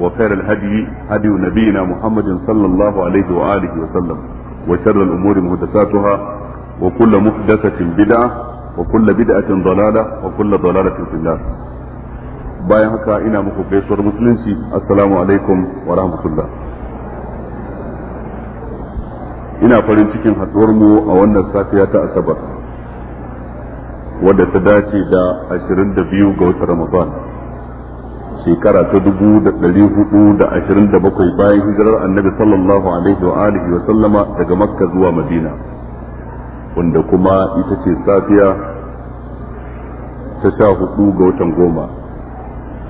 وخير الهدي هدي نبينا محمد صلى الله عليه وآله وسلم وشر الأمور محدثاتها وكل محدثة بدعة وكل بدعة ضلالة وكل ضلالة في النار bayan haka ina muku gaisuwar musulunci assalamu alaikum wa rahmatullah ina farin cikin haɗuwar mu a wannan safiya ta asabar wadda ta dace da 22 ga watan ramadan shekara ta dubu da ɗari hudu da ashirin da bakwai bayan hijirar annabi sallallahu alaihi wa alihi wa sallama daga makka zuwa madina wanda kuma ita ce safiya ta sha hudu ga watan goma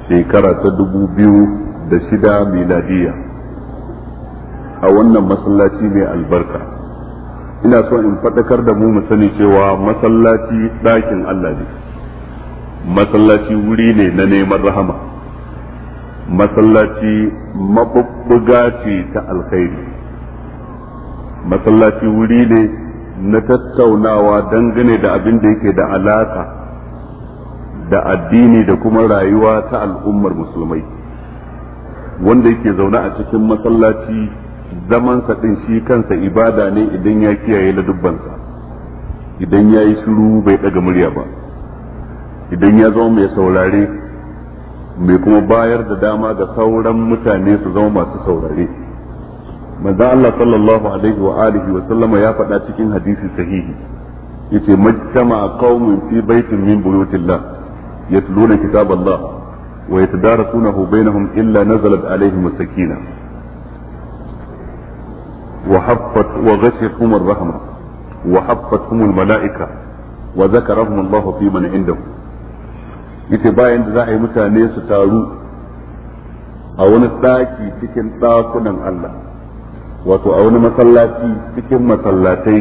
shekara ta dubu biyu da shida miladiya a wannan masallaci mai albarka ina so in faɗakar da mu mu sani cewa masallaci ɗakin Allah ne masallaci wuri ne na neman rahama masallaci mabubbuga ce ta alkhairi masallaci wuri ne na tattaunawa dangane da abin da yake da alaka da addini da kuma rayuwa ta al'ummar musulmai wanda yake zaune a cikin masallaci zamansa ɗin shi kansa ibada ne idan ya kiyaye ladubbansa idan ya yi shiru bai ɗaga murya ba idan ya zama mai saurare mai kuma bayar da dama ga sauran mutane su zama masu saurare manzo Allah sallallahu alaihi wa alihi wa sallama ya faɗa cikin hadisi sahihi yace majtama qaumun fi baitin min buyutillah yatluna kitaballah wa yatadarasunahu bainahum illa nazalat alaihim as-sakinah وحفت وغشيتهم الرحمة وحفتهم الملائكة وذكرهم الله في من عنده Ita bayan da za a yi mutane su taru a wani ɗaki cikin ɗakunan Allah wato a wani masallaci cikin masallatai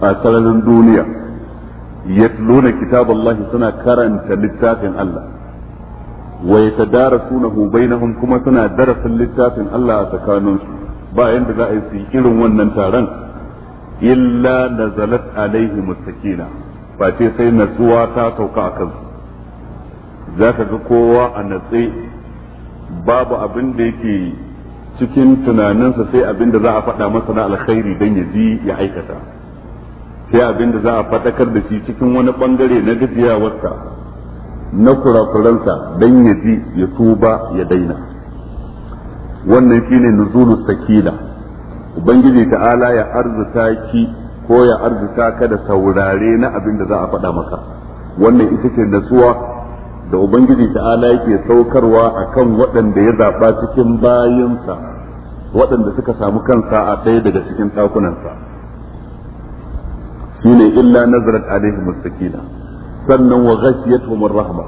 a sararin duniya yatluna kitaballahi suna karanta littafin Allah wa yatadarasunahu bainahum kuma suna darasin littafin Allah a tsakaninsu ba yadda za a yi su irin wannan taron illa nazalat alaihi mutakina ba ce sai natsuwa ta sauka a kansu za ka ga kowa a natse babu abin da yake cikin tunaninsa sai abin da za a faɗa masa na alkhairi don ya ji ya aikata sai abin da za a faɗakar da shi cikin wani ɓangare na gajiyawarsa na kurakuransa don ya ji ya tuba ya daina wannan shine nuzulu sakila ubangiji ta'ala ya arzuta ki ko ya arzuta ka da saurare na abin da za a faɗa maka wannan ita ce natsuwa da ubangiji ta'ala yake saukarwa akan waɗanda ya zaɓa cikin bayinsa waɗanda suka samu kansa a ɗaya daga cikin ɗakunansa ne illa nazarat alaihim sakina sannan wa ghashiyatuhum rahma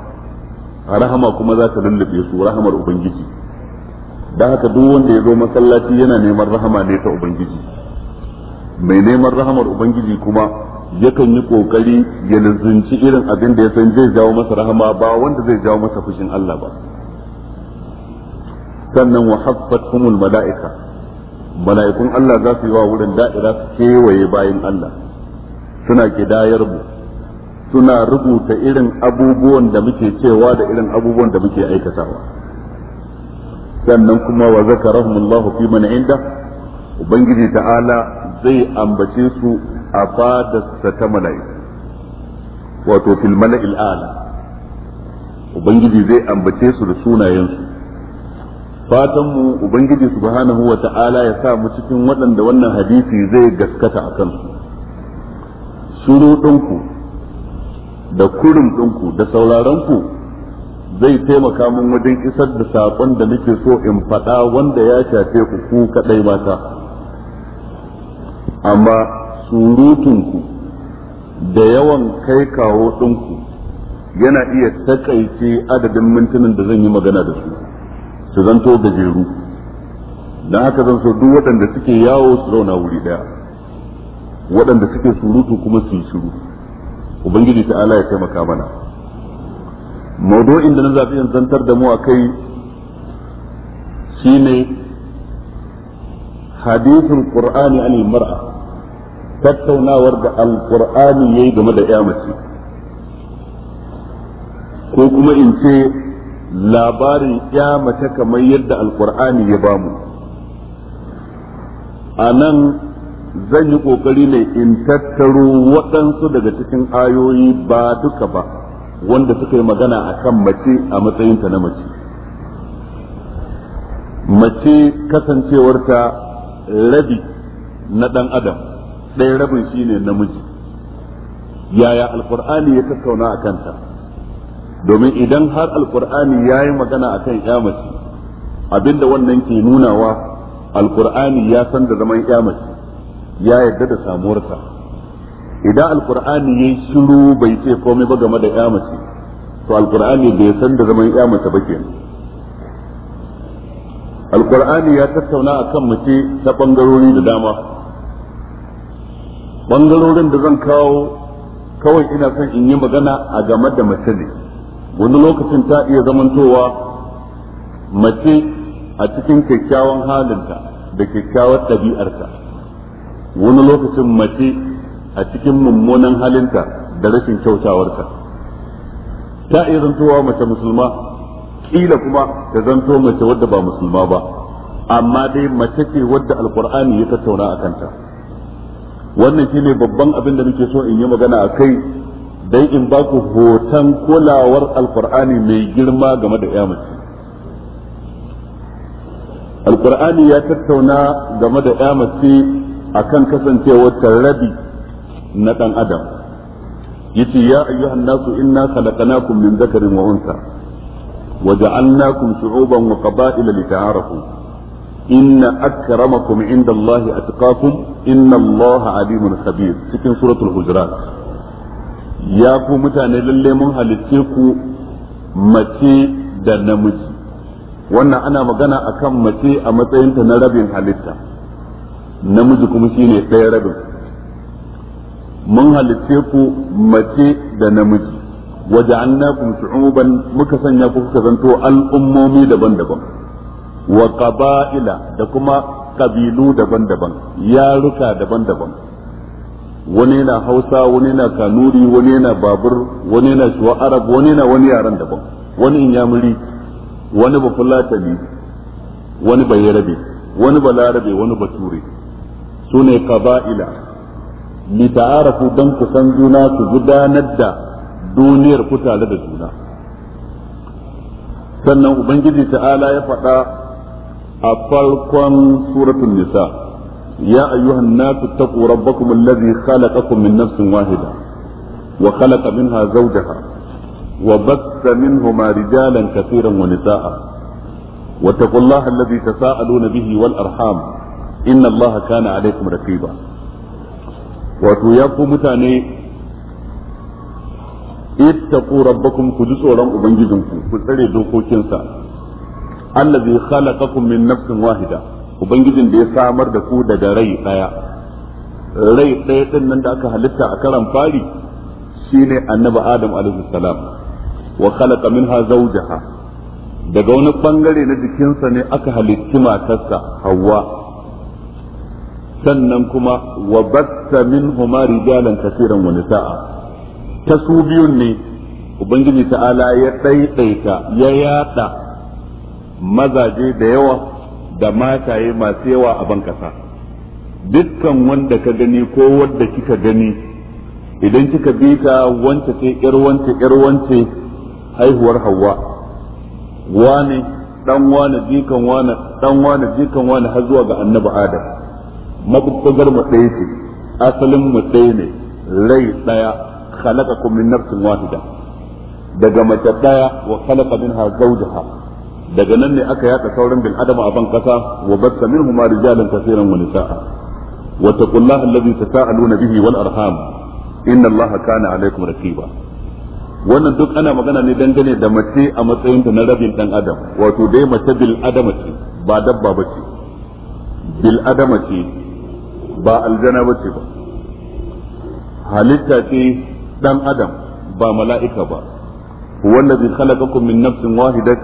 rahama kuma za ta lullube su rahamar ubangiji da haka duk wanda ya zo masallaci yana neman rahama ne ta ubangiji mai neman rahamar ubangiji kuma yakan yi kokari ya lizinci irin abin da ya san zai jawo masa rahama ba wanda zai jawo masa fushin Allah ba sannan wa humul mala'ika mala'ikun Allah za su yi wa wurin da'ira su kewaye bayan Allah suna kidayar mu suna rubuta irin abubuwan da muke cewa da irin abubuwan da muke aikatawa sannan kuma wa zakarahumullahu fi man inda ubangiji ta'ala zai ambace su a ta mala'iku wato fil mala'il ala ubangiji zai ambace su da sunayensu fatan mu ubangiji subhanahu wa ta'ala ya sa mu cikin waɗanda wannan hadisi zai gaskata a kansu shuru ɗinku da kurin ɗinku da sauraronku zai taimaka min wajen isar da saƙon da nake so in faɗa wanda ya shafe ku ku kaɗai mata amma surutunku da yawan kai kawo ɗinku yana iya takaice adadin mintunan da zan yi magana da su su zanto gajeru don haka zan so duk waɗanda suke yawo su zauna wuri ɗaya waɗanda suke surutu kuma su yi shiru ubangiji ta ala ya taimaka mana maudu'in da na zafi yin zantar da mu a kai shine hadithin qur'ani anil mar'a tattaunawar da ya yi game da ya mace ko kuma in ce labarin ya mace kamar yadda alkur'ani ya bamu a nan zan yi ƙoƙari ne in tattaro waɗansu daga cikin ayoyi ba duka ba wanda suka yi magana a kan mace a matsayinta na mace mace kasancewarta rabi na ɗan adam ɗaya rabin shi ne namiji yaya alkur'ani ya tattauna a kanta domin idan har alkur'ani ya yi magana a kan mace, abinda wannan ke nunawa alkur'ani ya san da zaman mace, ya yarda da samuwarsa idan alkur'ani ya yi shiru bai ce komai ba game da mace, to alkur'ani bai san da zaman mace ba kenan alkur'ani ya tattauna a kan mace ta bangarori da dama bangarorin da zan kawo kawai ina son in yi magana a game da mace ne wani lokacin ta iya zamantowa mace a cikin kyakkyawan halinta da kyakkyawar ɗabi'arta wani lokacin mace a cikin mummunan halinta da rashin kyautawarta ta iya zantowa mace musulma kila kuma ta zanto mace wadda ba musulma ba amma dai mace ce wadda alkur'ani ya tattauna a kanta wannan shine babban abin da nake so in yi magana a kai dai in ba ku hoton kulawar alkur'ani mai girma game da yamaci alkur'ani ya tattauna game da yamaci akan kasancewar rabi na dan adam yace ya ayyuhan nasu inna khalaqnakum min dhakarin wa unsa وجعلناكم شعوبا وقبائل لتعارفوا inna akramakum inda Allahi atqakum inna Allah alimun khabir cikin suratul hujurat ya ku mutane lalle mun halicce ku mace da namiji wannan ana magana a kan mace a matsayinta na rabin halitta namiji kuma shine ɗaya rabin mun halicce ku mace da namiji waja'alnakum shu'uban muka sanya ku kuka zanto al'ummomi daban-daban wa qaba'ila da kuma kabilu daban-daban yaruka daban-daban wani na hausa wani na kanuri wani na babur wani na shuwa arab wani na wani yaren daban wani inyamuri wani bafulatani wani bayarabe wani balarabe wani bature su ne kaba'ila li ta'arafu dan ku san juna ku gudanar da duniyar ku tare da juna sannan ubangiji ta'ala ya faɗa a farkon suratul nisa ya ayyuhan nasu taqu rabbakum allazi khalaqakum min nafsin wahida wa khalaqa minha zawjaha wa batha minhuma rijalan katiran wa nisaa wa taqullaha allazi tasaaluna bihi wal arham inna allaha kana alaykum raqiba wato ya ku mutane ittaqu rabbakum ku ji tsoron ubangijinku ku tsare dokokinsa allazi khalaqakum min nafsin wahida ubangijin da ya samar da ku daga rai daya rai daya din nan da aka halitta a karan fari shine annabi adam alaihi salam wa khalaqa minha zawjaha daga wani bangare na jikinsa ne aka halitti matarsa hawa sannan kuma wa batta minhuma rijalan kaseeran wa nisaa ta su biyun ne ubangiji ta'ala ya daidaita ya yada mazaje da yawa da mataye masu yawa a ban kasa dukkan wanda ka gani ko wanda kika gani idan kika bi ta wance ce yar wance yar wance haihuwar hawa wane dan wane jikan wane dan wane jikan wane har zuwa ga annabi adam mabukkugar mu ɗaya ce asalin mu ɗaya ne rai ɗaya khalaqakum min nafsin wahida daga mace ɗaya wa khalaqa minha zawjaha daga nan ne aka yada saurin bil adama a ban kasa wa batta minhum rijalan kaseeran wa nisaa wa taqullaha alladhi tasaaluna bihi wal arham inna allaha kana alaykum raqiba wannan duk ana magana ne dangane da mace a matsayin ta na rabin dan adam wato dai mace bil adama ce ba dabba ba ce bil adama ce ba aljana ba ce ba halitta ce dan adam ba mala'ika ba هو الذي خلقكم من نفس واحدة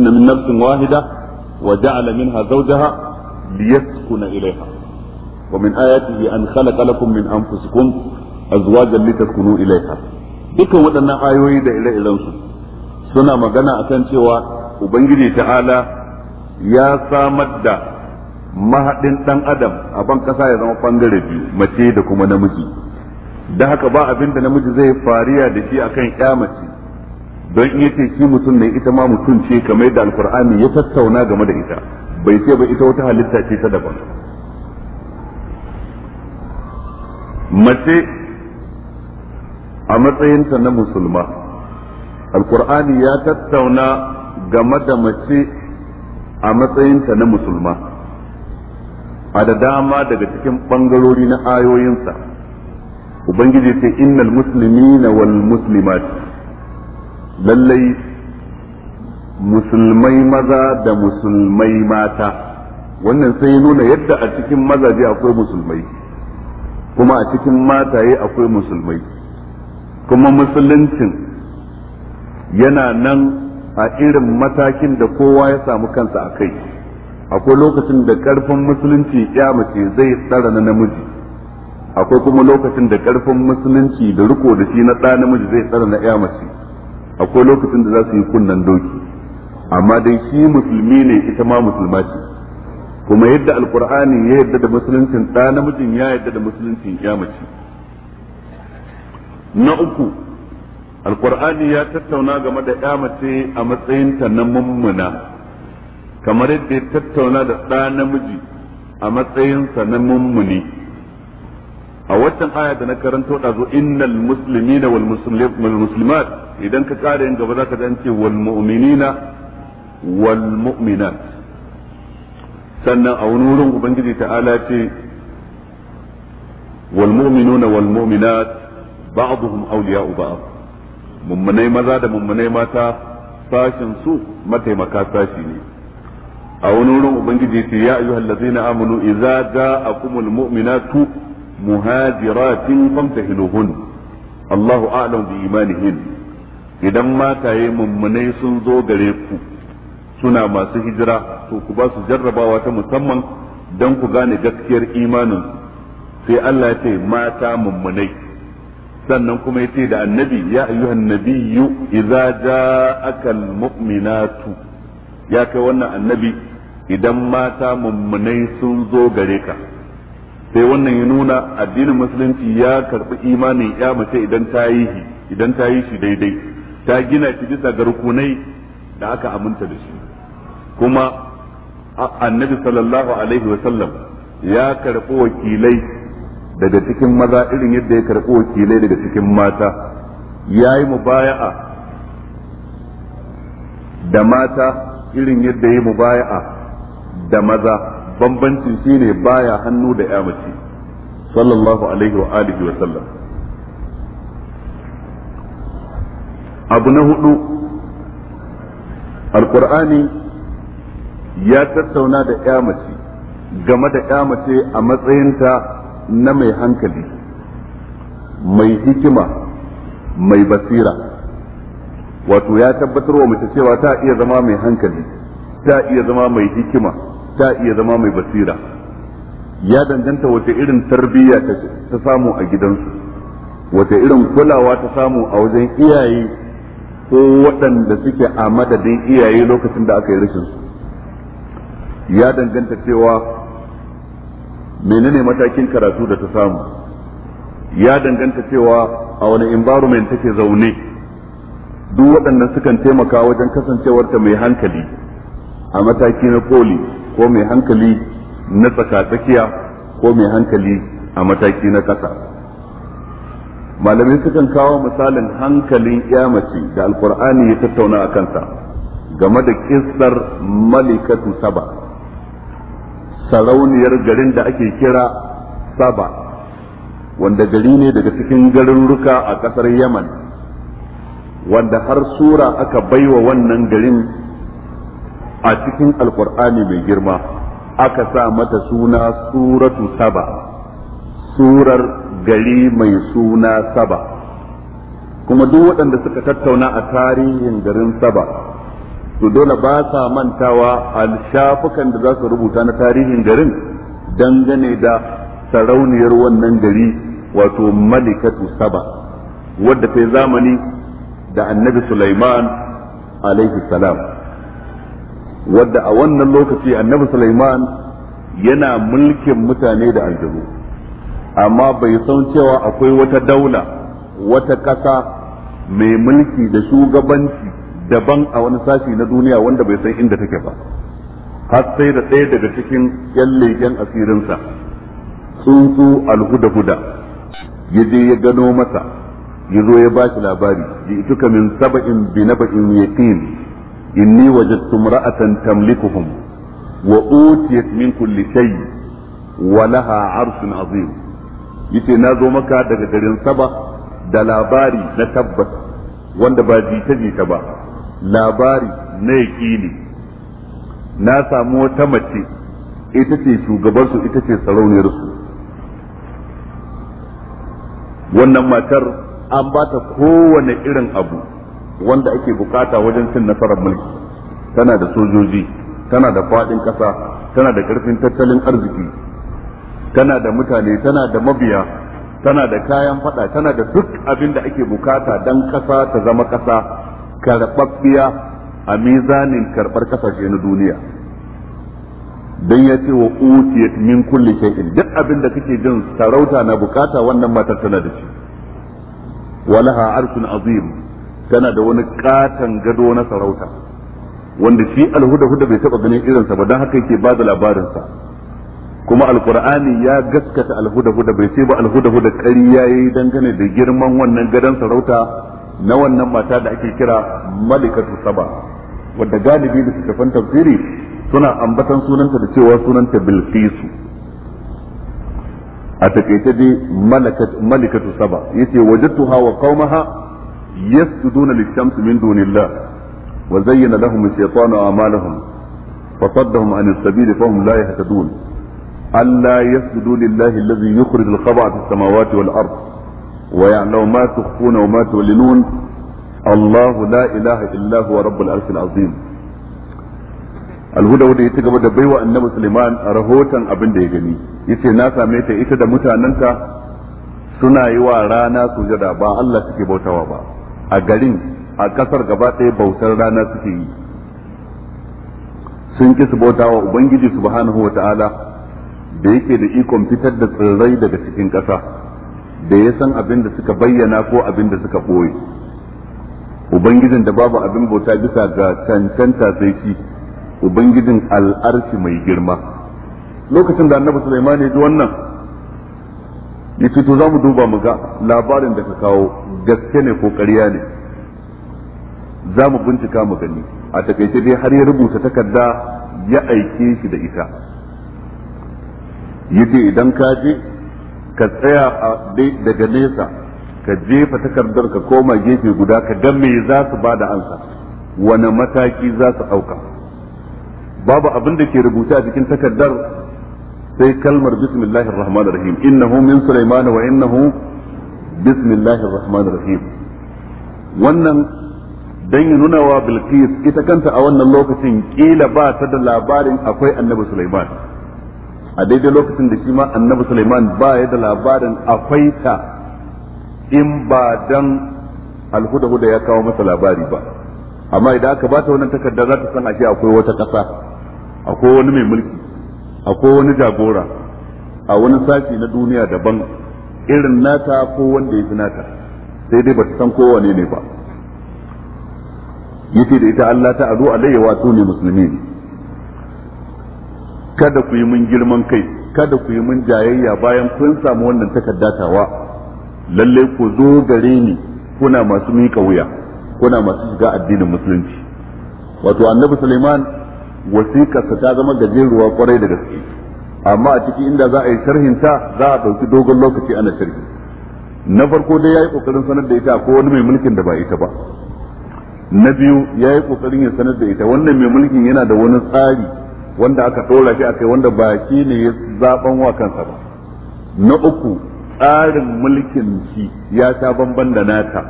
من نفس واحدة وجعل منها زوجها ليسكن إليها ومن آياته أن خلق لكم من أنفسكم أزواجا لتسكنوا إليها dukkan waɗannan ayoyi da ire-irensu suna magana a kan cewa ubangiji ta'ala ya samar da mahaɗin ɗan adam a ban ƙasa ya zama ɓangare biyu mace da kuma namiji da haka ba abin da namiji zai fariya da shi akan ƴa mace don iya ce shi mutum ne ita ma mutum ce kamar da alkur'ani ya tattauna game da ita bai ce ba ita wata halitta ce ta daban mace a matsayinta na musulma alkur'ani ya tattauna game da mace a matsayinta na musulma a da dama daga cikin ɓangarori na ayoyinsa ubangiji ce innal muslimina wal muslimat lallai musulmai maza da musulmai mata wannan sai ya nuna yadda a cikin mazaje akwai musulmai kuma a cikin mataye akwai musulmai kuma musuluncin yana nan a irin matakin da kowa ya samu kansa a kai akwai lokacin da karfin musulunci ya mace zai tsara na namiji akwai kuma lokacin da karfin musulunci da riko da shi na ɗa namiji zai tsara na ya mace akwai lokacin da za su yi kunnan doki amma dai shi musulmi ne ita ma musulma ce kuma yadda alkur'ani ya yadda da musuluncin ɗa namijin ya yadda da musuluncin ya mace na uku alkur'ani ya tattauna game da ya mace a matsayinta na mummuna kamar yadda ya tattauna da ɗa namiji a matsayinsa na mummuni a waccan aya da na karanto da zo innal muslimina wal muslimat idan ka kare yin gaba za ka ce wal mu'minina wal mu'minat sannan a wani wurin ubangiji ta'ala ce wal mu'minuna wal mu'minat ba'dhum awliya'u ba'd mummunai maza da mummunai mata sashin su mataimaka sashi ne a wani wurin ubangiji ce ya ayyuhallazina amanu idza ja'akumul mu'minatu muhajiratin famtahinuhun Allahu a'lam bi imanihin idan mataye mummunai sun zo gare ku suna masu hijira to ku ba su jarrabawa ta musamman don ku gane gaskiyar imanin sai Allah ya ce mata mummunai sannan kuma ya ce da annabi ya ayyuhan nabiyyu idza ja'aka almu'minatu ya kai wannan annabi idan mata mummunai sun zo gare ka sai wannan ya nuna addinin musulunci ya karbi imanin ya mace idan ta yi shi idan ta yi shi daidai ta gina shi bisa ga rukunai da aka aminta da shi kuma annabi sallallahu alaihi wa sallam ya karbi wakilai daga cikin maza irin yadda ya karbi wakilai daga cikin mata ya yi mubaya'a da mata irin yadda ya yi mubaya'a da maza bambanci shine baya hannu da ya mace sallallahu alaihi wa alihi wa sallam abu na hudu alqur'ani ya tattauna da ya mace game da ya mace a matsayinta na mai hankali mai hikima mai basira wato ya tabbatar wa mace cewa ta iya zama mai hankali ta iya zama mai hikima ta iya zama mai basira ya danganta wace irin tarbiyya ta samu a gidansu wace irin kulawa ta samu a wajen iyaye ko waɗanda suke a madadin iyaye lokacin da aka yi rashin su ya danganta cewa menene matakin karatu da ta samu ya danganta cewa a wani environment take zaune duk waɗannan sukan taimaka wajen kasancewarta mai hankali a mataki na poli ko mai hankali na tsakatsakiya ko mai hankali a mataki na ƙasa malamai sukan kawo misalin hankalin mace da alkur'ani ya tattauna a kansa game da ƙisar malikatu saba sarauniyar garin da ake kira saba wanda gari ne daga cikin garuruka a ƙasar yaman wanda har sura aka baiwa wannan garin a cikin alkur'ani mai girma aka sa mata suna suratu saba surar gari mai suna saba kuma duk waɗanda suka tattauna a tarihin garin saba to dole ba sa mantawa a shafukan da za su rubuta na tarihin garin dangane da sarauniyar wannan gari wato malikatu saba wadda ta zamani da annabi Sulaiman alaihi salam wadda a wannan lokaci annabi Suleiman yana mulkin mutane da aljanu amma bai san cewa akwai wata daula wata ƙasa mai mulki da shugabanci daban a wani sashi na duniya wanda bai san inda take ba har sai da ɗaya daga cikin yan leƙen asirinsa tsuntsu alhuda-huda ya je ya gano masa ya zo ya ba shi labari ya ituka min saba'in bi naba'in yaqin inni wajadtu imra'atan tamlikuhum wa utiyat min kulli shay wa laha arshun azim yace na zo maka daga garin Saba da labari na tabbas wanda ba jita jita ba labari na yaqini na samu wata mace ita ce shugabansu ita ce sarauniyarsu wannan matar an ba ta kowane irin abu wanda ake bukata wajen cin nasarar mulki tana da sojoji tana da faɗin ƙasa tana da ƙarfin tattalin arziki tana da mutane tana da mabiya tana da kayan faɗa tana da duk abin da ake bukata don ƙasa ta zama ƙasa karɓaɓɓiya a mizanin karɓar kasashe na duniya don ya ce wa utiyat min kulli shay'in duk abin da kake jin sarauta na bukata wannan matar tana da shi walaha arshun azim tana da wani katon gado na sarauta wanda shi alhuda-huda bai taba ganin irinsa ba don haka yake ba da labarinsa kuma alkur'ani ya gaskata alhuda-huda bai ce ba alhuda-huda ƙari ya yi dangane da girman wannan gadon sarauta na wannan mata da ake kira malikatu saba wadda galibi da littattafan tafsiri suna ambatan sunanta da cewa sunanta bilkisu a takaice dai malikatu saba yace wajadtuha wa qaumaha يسجدون للشمس من دون الله وزين لهم الشيطان أعمالهم فصدهم عن السبيل فهم لا يهتدون ألا يسجدوا لله الذي يخرج الخبع في السماوات والأرض ويعلم ما تخفون وما تعلنون الله لا إله إلا هو رب العرش العظيم alhuda ya ci gaba da baiwa annabi Suleiman rahoton abin da ya gani yace na same ta ita da mutanenta suna yi wa rana sujada ba Allah suke bautawa ba a garin a kasar gaba ɗaya bautar rana suke yi sun ki su bauta wa ubangiji subhanahu wa ta'ala da yake da ikon fitar da tsirrai daga cikin ƙasa da ya san abin da suka bayyana ko abin da suka ɓoye ubangijin da babu abin bauta bisa ga cancanta sai shi ubangijin al'arshi mai girma lokacin da annabi sulaiman ya ji wannan ya fito za mu duba mu ga labarin da ka kawo gaske ne ko ƙarya ne za mu bincika mu gani a takaice dai har ya rubuta takarda ya aike shi da ita yace idan ka je ka tsaya daga nesa ka jefa takardar ka koma gefe guda ka ga me za su ba da ansa wane mataki za su ɗauka babu abin da ke rubuta a cikin takardar sai kalmar bismillahir rahmanir rahim innahu min sulaiman wa innahu bismillahir rahmanir rahim wannan dan ya nuna wa bilqis ita kanta a wannan lokacin kila ba ta da labarin akwai annabi sulaiman a daidai lokacin da shi ma annabi sulaiman ba ya da labarin akwai ta in ba dan alhuda ya kawo masa labari ba amma idan aka bata wannan takarda za ta san ashe akwai wata kasa akwai wani mai mulki akwai wani jagora a wani sashi na duniya daban irin nata ko wanda ya fi nata sai dai ba bata san kowane ne ba yace da ita Allah ta azu alayya wa ne musulmi kada ku yi mun girman kai kada ku yi mun jayayya bayan kun samu wannan takaddatawa lalle ku zo gare ni kuna masu miƙa wuya kuna masu shiga addinin musulunci wato annabi Sulaiman wasiƙarsa ta zama gajeruwa kwarai da gaske amma a ciki inda za a yi sharhin ta, za a ɗauki dogon lokaci ana sharhi na farko dai ya yi ƙoƙarin sanar da ita ko wani mai mulkin da ba ita ba na biyu ya yi ƙoƙarin ya sanar da ita wannan mai mulkin yana da wani tsari wanda aka ɗora shi akai wanda ba shi ne ya zaɓan wa kansa ba na uku tsarin mulkin shi ya sha bamban da nata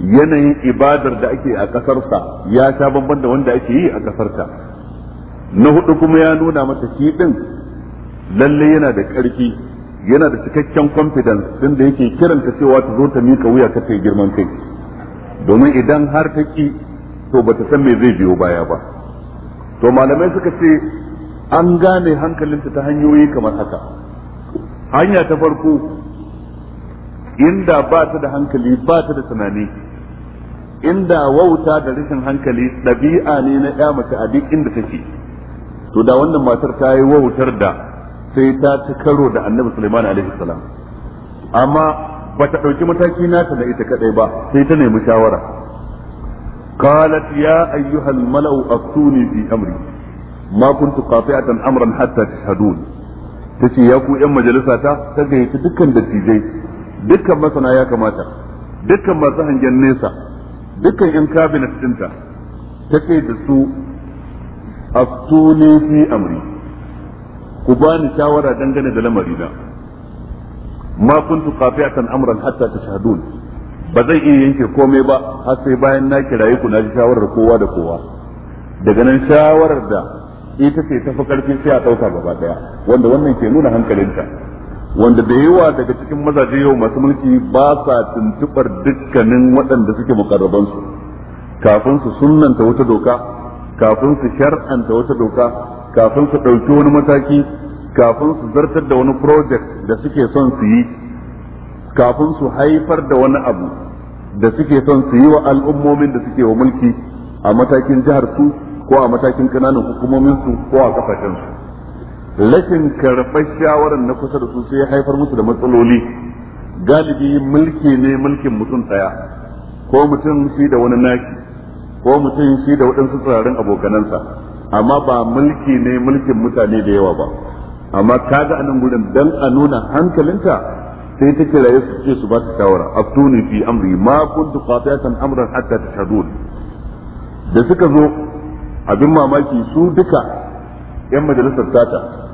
yanayin ibadar da ake a ƙasarsa ya sha bamban da wanda ake yi a ƙasarta na hudu kuma ya nuna mata shi din lalle yana da ƙarfi yana da cikakken confidence din da yake kiranta cewa ta zo ta mika wuya ka kai girman kai domin idan har ta ki to bata san me zai biyo baya ba to malamai suka ce an gane hankalinta ta hanyoyi kamar haka hanya ta farko inda ba ta da hankali ba ta da tunani inda wauta da rashin hankali ɗabi'a ne na ya mace a duk inda take to da wannan matar ta yi wautar da sai ta ci karo da annabi Suleiman alaihi salam amma ba ta ɗauki mataki ta da ita kadai ba sai ta nemi shawara qalat ya ayyuhal mala'u aftuni fi amri ma kuntu qati'atan amran hatta tashhadun tace ya ku yan majalisa ta ta gayyaci dukkan dattijai dukkan masana ya kamata dukkan masu hangen nesa dukkan yan cabinet ɗinta ta da su aftuni fi amri ku bani shawara dangane da lamari na ma kuntu qafi'atan amran hatta tashhadun ba zai iya yanke komai ba har sai bayan na kiraye ku na ji shawarar kowa da kowa daga nan shawarar da ita ce tafi karfi sai a ɗauka gaba ɗaya wanda wannan ke nuna hankalinta wanda da yawa daga cikin mazaje yau masu mulki ba sa tuntubar dukkanin waɗanda suke mukarrabansu kafin su sunanta wata doka kafin su shar'anta wata doka kafin su ɗauki wani mataki kafin su zartar da wani project da suke son su yi kafin su haifar da wani abu da suke son su yi wa al'ummomin da suke wa mulki a matakin jihar su ko a matakin ƙananan hukumomin su ko a kasashen su lakin karɓar shawarar na kusa da su sai ya haifar musu da matsaloli galibi mulki ne mulkin mutum ɗaya ko mutum shi da wani naki ko mutum shi da waɗansu tsararin abokanansa amma ba mulki ne mulkin mutane da yawa ba amma kaga ga anan gudun dan a nuna hankalinta sai ta kiraye su ce su ba ta shawara aftuni fi amri ma kuntu qati'atan amran hatta tashhadun da suka zo abin mamaki su duka yan majalisar tata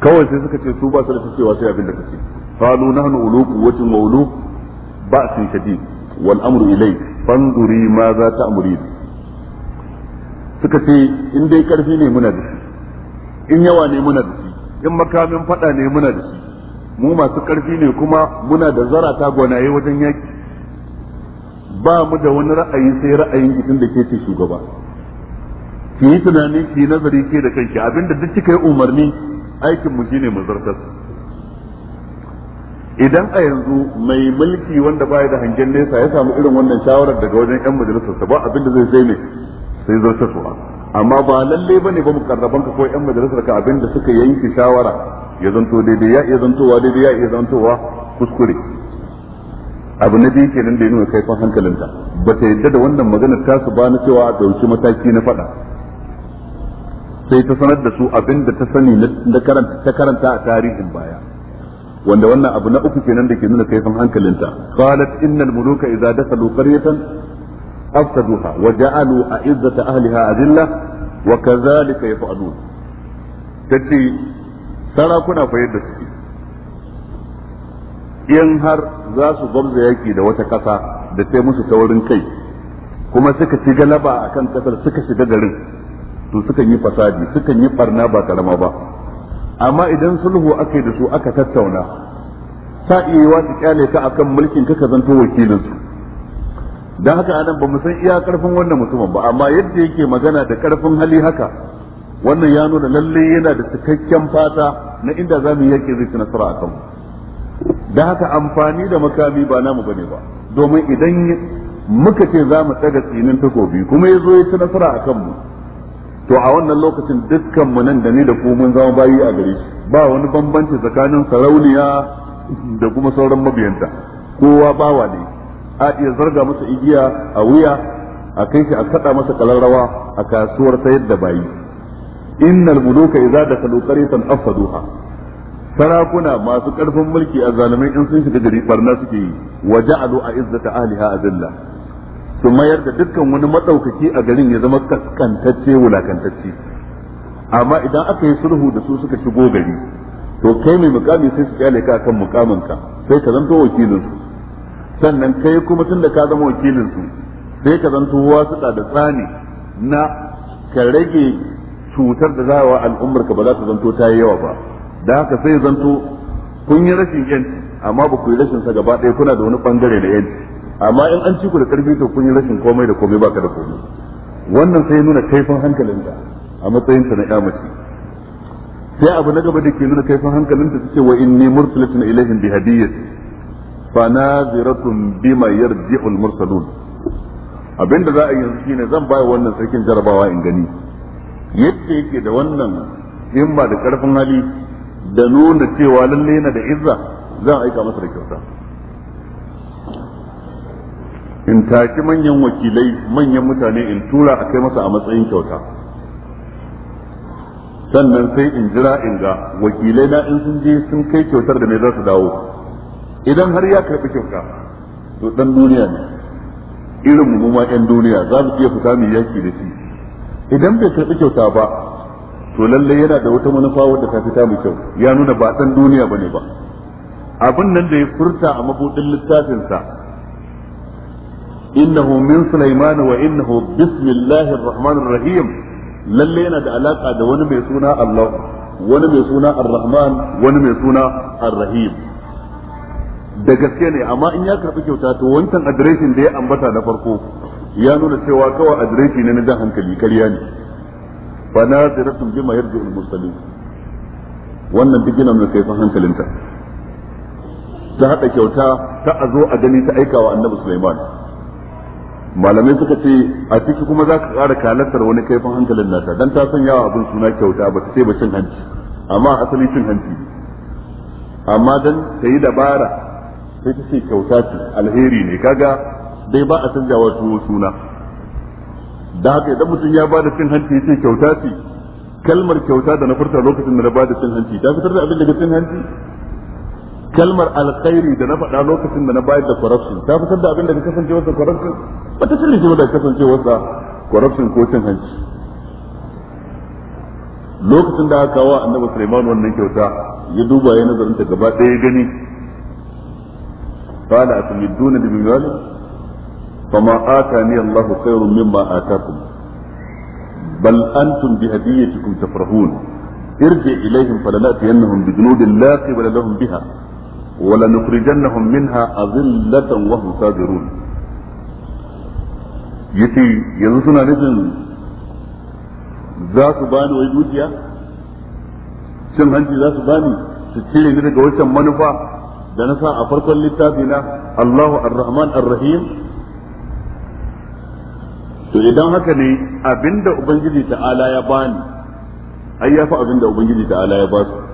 kawai sai suka ce su ba su da cewa sai abin da kace qalu nahnu ulu quwwatin wa ulu ba'sin shadid wal amru ilayk fanzuri ma za ta ta'murin suka ce in dai karfi ne muna da shi in yawa ne muna da shi in makamin fada ne muna da shi mu masu karfi ne kuma muna da zarata gwanaye wajen yaki ba mu da wani ra'ayi sai ra'ayin itin da ke ce shugaba ki yi tunani ki nazari ke da kanki abinda duk kika yi umarni aikin mu shine mu zartar idan a yanzu mai mulki wanda baya da hangen nesa ya samu irin wannan shawarar daga wajen yan majalisarsa ba abin da zai sai ne sai zartarwa amma ba lalle bane ba mukarraban ka ko yan majalisar ka abinda suka yanke shawara ya zanto daidai ya iya zantowa daidai ya iya zantowa kuskure abu na biyu kenan da ya nuna kaifin hankalinta ba ta yadda da wannan maganar tasu ba na cewa a ɗauki mataki na faɗa sai ta sanar da su abin da ta sani karanta ta karanta a tarihin baya wanda wannan abu na uku kenan da ke nuna kaifin hankalinta qalat innal muluka idza dakhalu qaryatan afsaduha wa ja'alu a'izzata ahliha adilla wa kadhalika yaf'alun tace sarakuna fa yadda suke in har za su gwamza yaki da wata kasa da sai musu taurin kai kuma suka ci galaba akan kasar suka shiga garin to sukan yi fasadi sukan yi barna ba karama ba amma idan sulhu aka yi da su aka tattauna ta iya su kyale ka akan mulkin ka ka zanto wakilin su dan haka anan ba mu san iya karfin wannan mutumin ba amma yadda yake magana da karfin hali haka wannan ya nuna lalle yana da cikakken fata na inda zamu yake zai ci nasara akan mu dan haka amfani da makami ba namu bane ba domin idan muka ce za mu tsaga tsinin takobi kuma ya zo ya ci nasara akan mu to a wannan lokacin dukkan mu nan da ni da ku mun zama bayi a gare shi ba wani bambanci tsakanin sarauniya da kuma sauran mabiyanta kowa bawa ne a iya zarga masa igiya a wuya a kai shi a kada masa kalarrawa a kasuwar sayar da bayi innal muluka idza dakalu qaryatan afsaduha sarakuna masu karfin mulki a zalimai in sun shiga gari barna suke yi wa a izzata ahliha azilla su mayar da dukkan wani madaukaki a garin ya zama kaskantacce wulakantacce amma idan aka yi sulhu da su suka shigo gari to kai mai mukami sai su kyale ka akan mukamin ka sai ka zanto wakilin su sannan kai kuma tun da ka zama wakilin su sai ka zanto su da tsani na ka rage cutar da za wa al'ummar ka ba za ta zanto ta yi yawa ba da haka sai zanto kun yi rashin yanci amma ba ku yi rashin sa gaba ɗaya kuna da wani bangare na yanci amma in an ci ku da karfi to kun yi rashin komai da komai baka da komai wannan sai nuna kaifin hankalinta a matsayinta na ya mace sai abu na gaba da ke nuna kaifin hankalinta ta ce wa inni mursalatun ilaihim bi hadiyyah fa naziratun bima yarji'u al-mursalun abinda za a yi yanzu shine zan bai wannan sarkin jarabawa in gani yadda yake da wannan himma da karfin hali da nuna cewa lalle yana da izza zan aika masa da kyauta in taki manyan wakilai manyan mutane in tura a kai masa a matsayin kyauta sannan sai in jira in ga wakilai na in sun je sun kai kyautar da me za su dawo idan har ya karɓi kyauta to dan duniya ne irin mu ma yan duniya za mu iya fita mu yaki da shi idan bai karɓi kyauta ba to lallai yana da wata manufa wadda ta fita mu kyau ya nuna ba ɗan duniya bane ba abin nan da ya furta a mabuɗin littafinsa innahu min sulaiman wa innahu bismillahir rahmanir rahim lalle yana da alaka da wani mai suna Allah wani mai suna ar-rahman wani mai suna ar-rahim da gaske ne amma in ya karbi kyauta to wancan adireshin da ya ambata na farko ya nuna cewa kawai adireshi ne na jan hankali karya ne fa naziratun bima yarju al-mursalin wannan duk yana nuna kaifin hankalinta ta haɗa kyauta ta a zo a gani ta aika wa annabi Sulaiman malamai suka ce a ciki kuma za ka ƙara kalatar wani kaifin hankalin nata don ta sanya wa abin suna kyauta ba ta ba cin hanci amma asali cin hanci amma don ta yi dabara sai ta ce kyauta ce alheri ne kaga dai ba a canja wa suna da haka idan mutum ya ba da cin hanci ya ce kyauta ce kalmar kyauta da na furta lokacin da na ba da cin hanci ta fitar da abin daga cin hanci kalmar alkhairi da na faɗa lokacin da na bayar da corruption ta fitar da abin da ka kasance wasa corruption ba ta cire shi da kasance wasa corruption ko cin hanci lokacin da aka kawo annabi Sulaiman wannan kyauta ya duba ya nazarin ta gaba ɗaya ya gani qala atumiduna bi mali fama atani Allahu khairun mimma atakum bal antum bi hadiyatikum tafrahun irji ilaihim falanatiyannahum bi junudin la qibla lahum biha wala nukhrijannahum minha azillatan wa hum sajirun yanzu suna nufin za su bani wai dukiya cin hanci za su bani su cire ni daga wancan manufa da na sa a farkon littafi na Allahu Ar-Rahman to idan haka ne abinda ubangiji ta'ala ya bani ai fi abinda ubangiji ta'ala ya basu.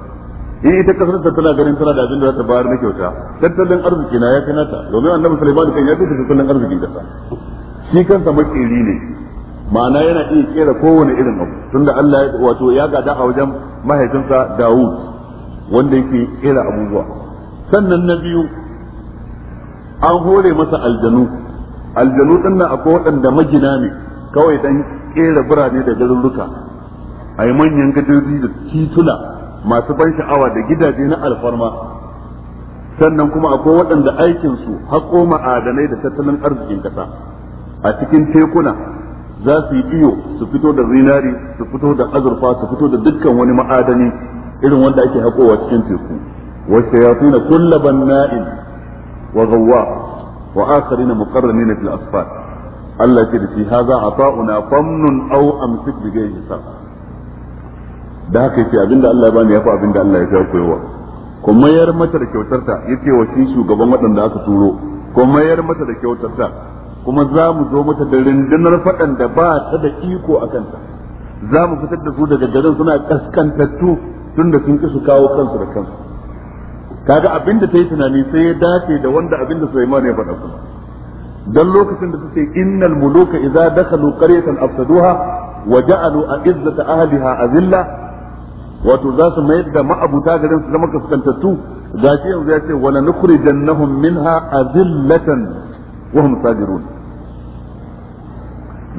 in eh, ita kasar ta tana ganin tana da abin da za ta bayar na kyauta tattalin arziki na ya fi nata domin annabi sulaiman kan ya fi tattalin arziki da shi kansa makeri ne ma'ana yana iya kera kowane irin abu tunda Allah ya wato ya gada a wajen mahaifinsa Dawud wanda yake kera abubuwa sannan na biyu an hore masa aljanu aljanu din nan akwai waɗanda majina ne kawai dan kera birane da garuruka a yi manyan gadoji da tituna masu ban sha'awa da gidaje na alfarma sannan kuma akwai waɗanda aikinsu haƙo ma'adanai da tattalin arzikin ƙasa a cikin tekuna za su yi iyo su fito da zinari su fito da azurfa su fito da dukkan wani ma'adani irin wanda ake haƙowa cikin teku wasu ya fi na kulla banna'in wa gawwa wa akari na mukarrani na fil asfal Allah ke da shi haza a famnun au amsik bi gaisa da haka yace abinda Allah ya bani yafi abinda Allah ya ga koyowa ko mayar mata da kyautarta yace wa shi shugaban waɗanda aka turo Kuma mayar mata da kyautarta kuma za mu zo mata da rundunar faɗan da ba ta da iko a kanta za mu fitar da su daga garin suna kaskantattu tun da sun ki su kawo kansu da kansu kaga abinda ta yi tunani sai ya dace da wanda abinda Sulaiman ya faɗa kuma dan lokacin da suke innal muluka idza dakhalu qaryatan afsaduha wa ja'alu a'izzata ahliha azilla wato za su mayar da ma'abuta garin su zama kaskantattu ga shi yanzu ya ce wala nukhrijannahum minha azillatan wa hum sajirun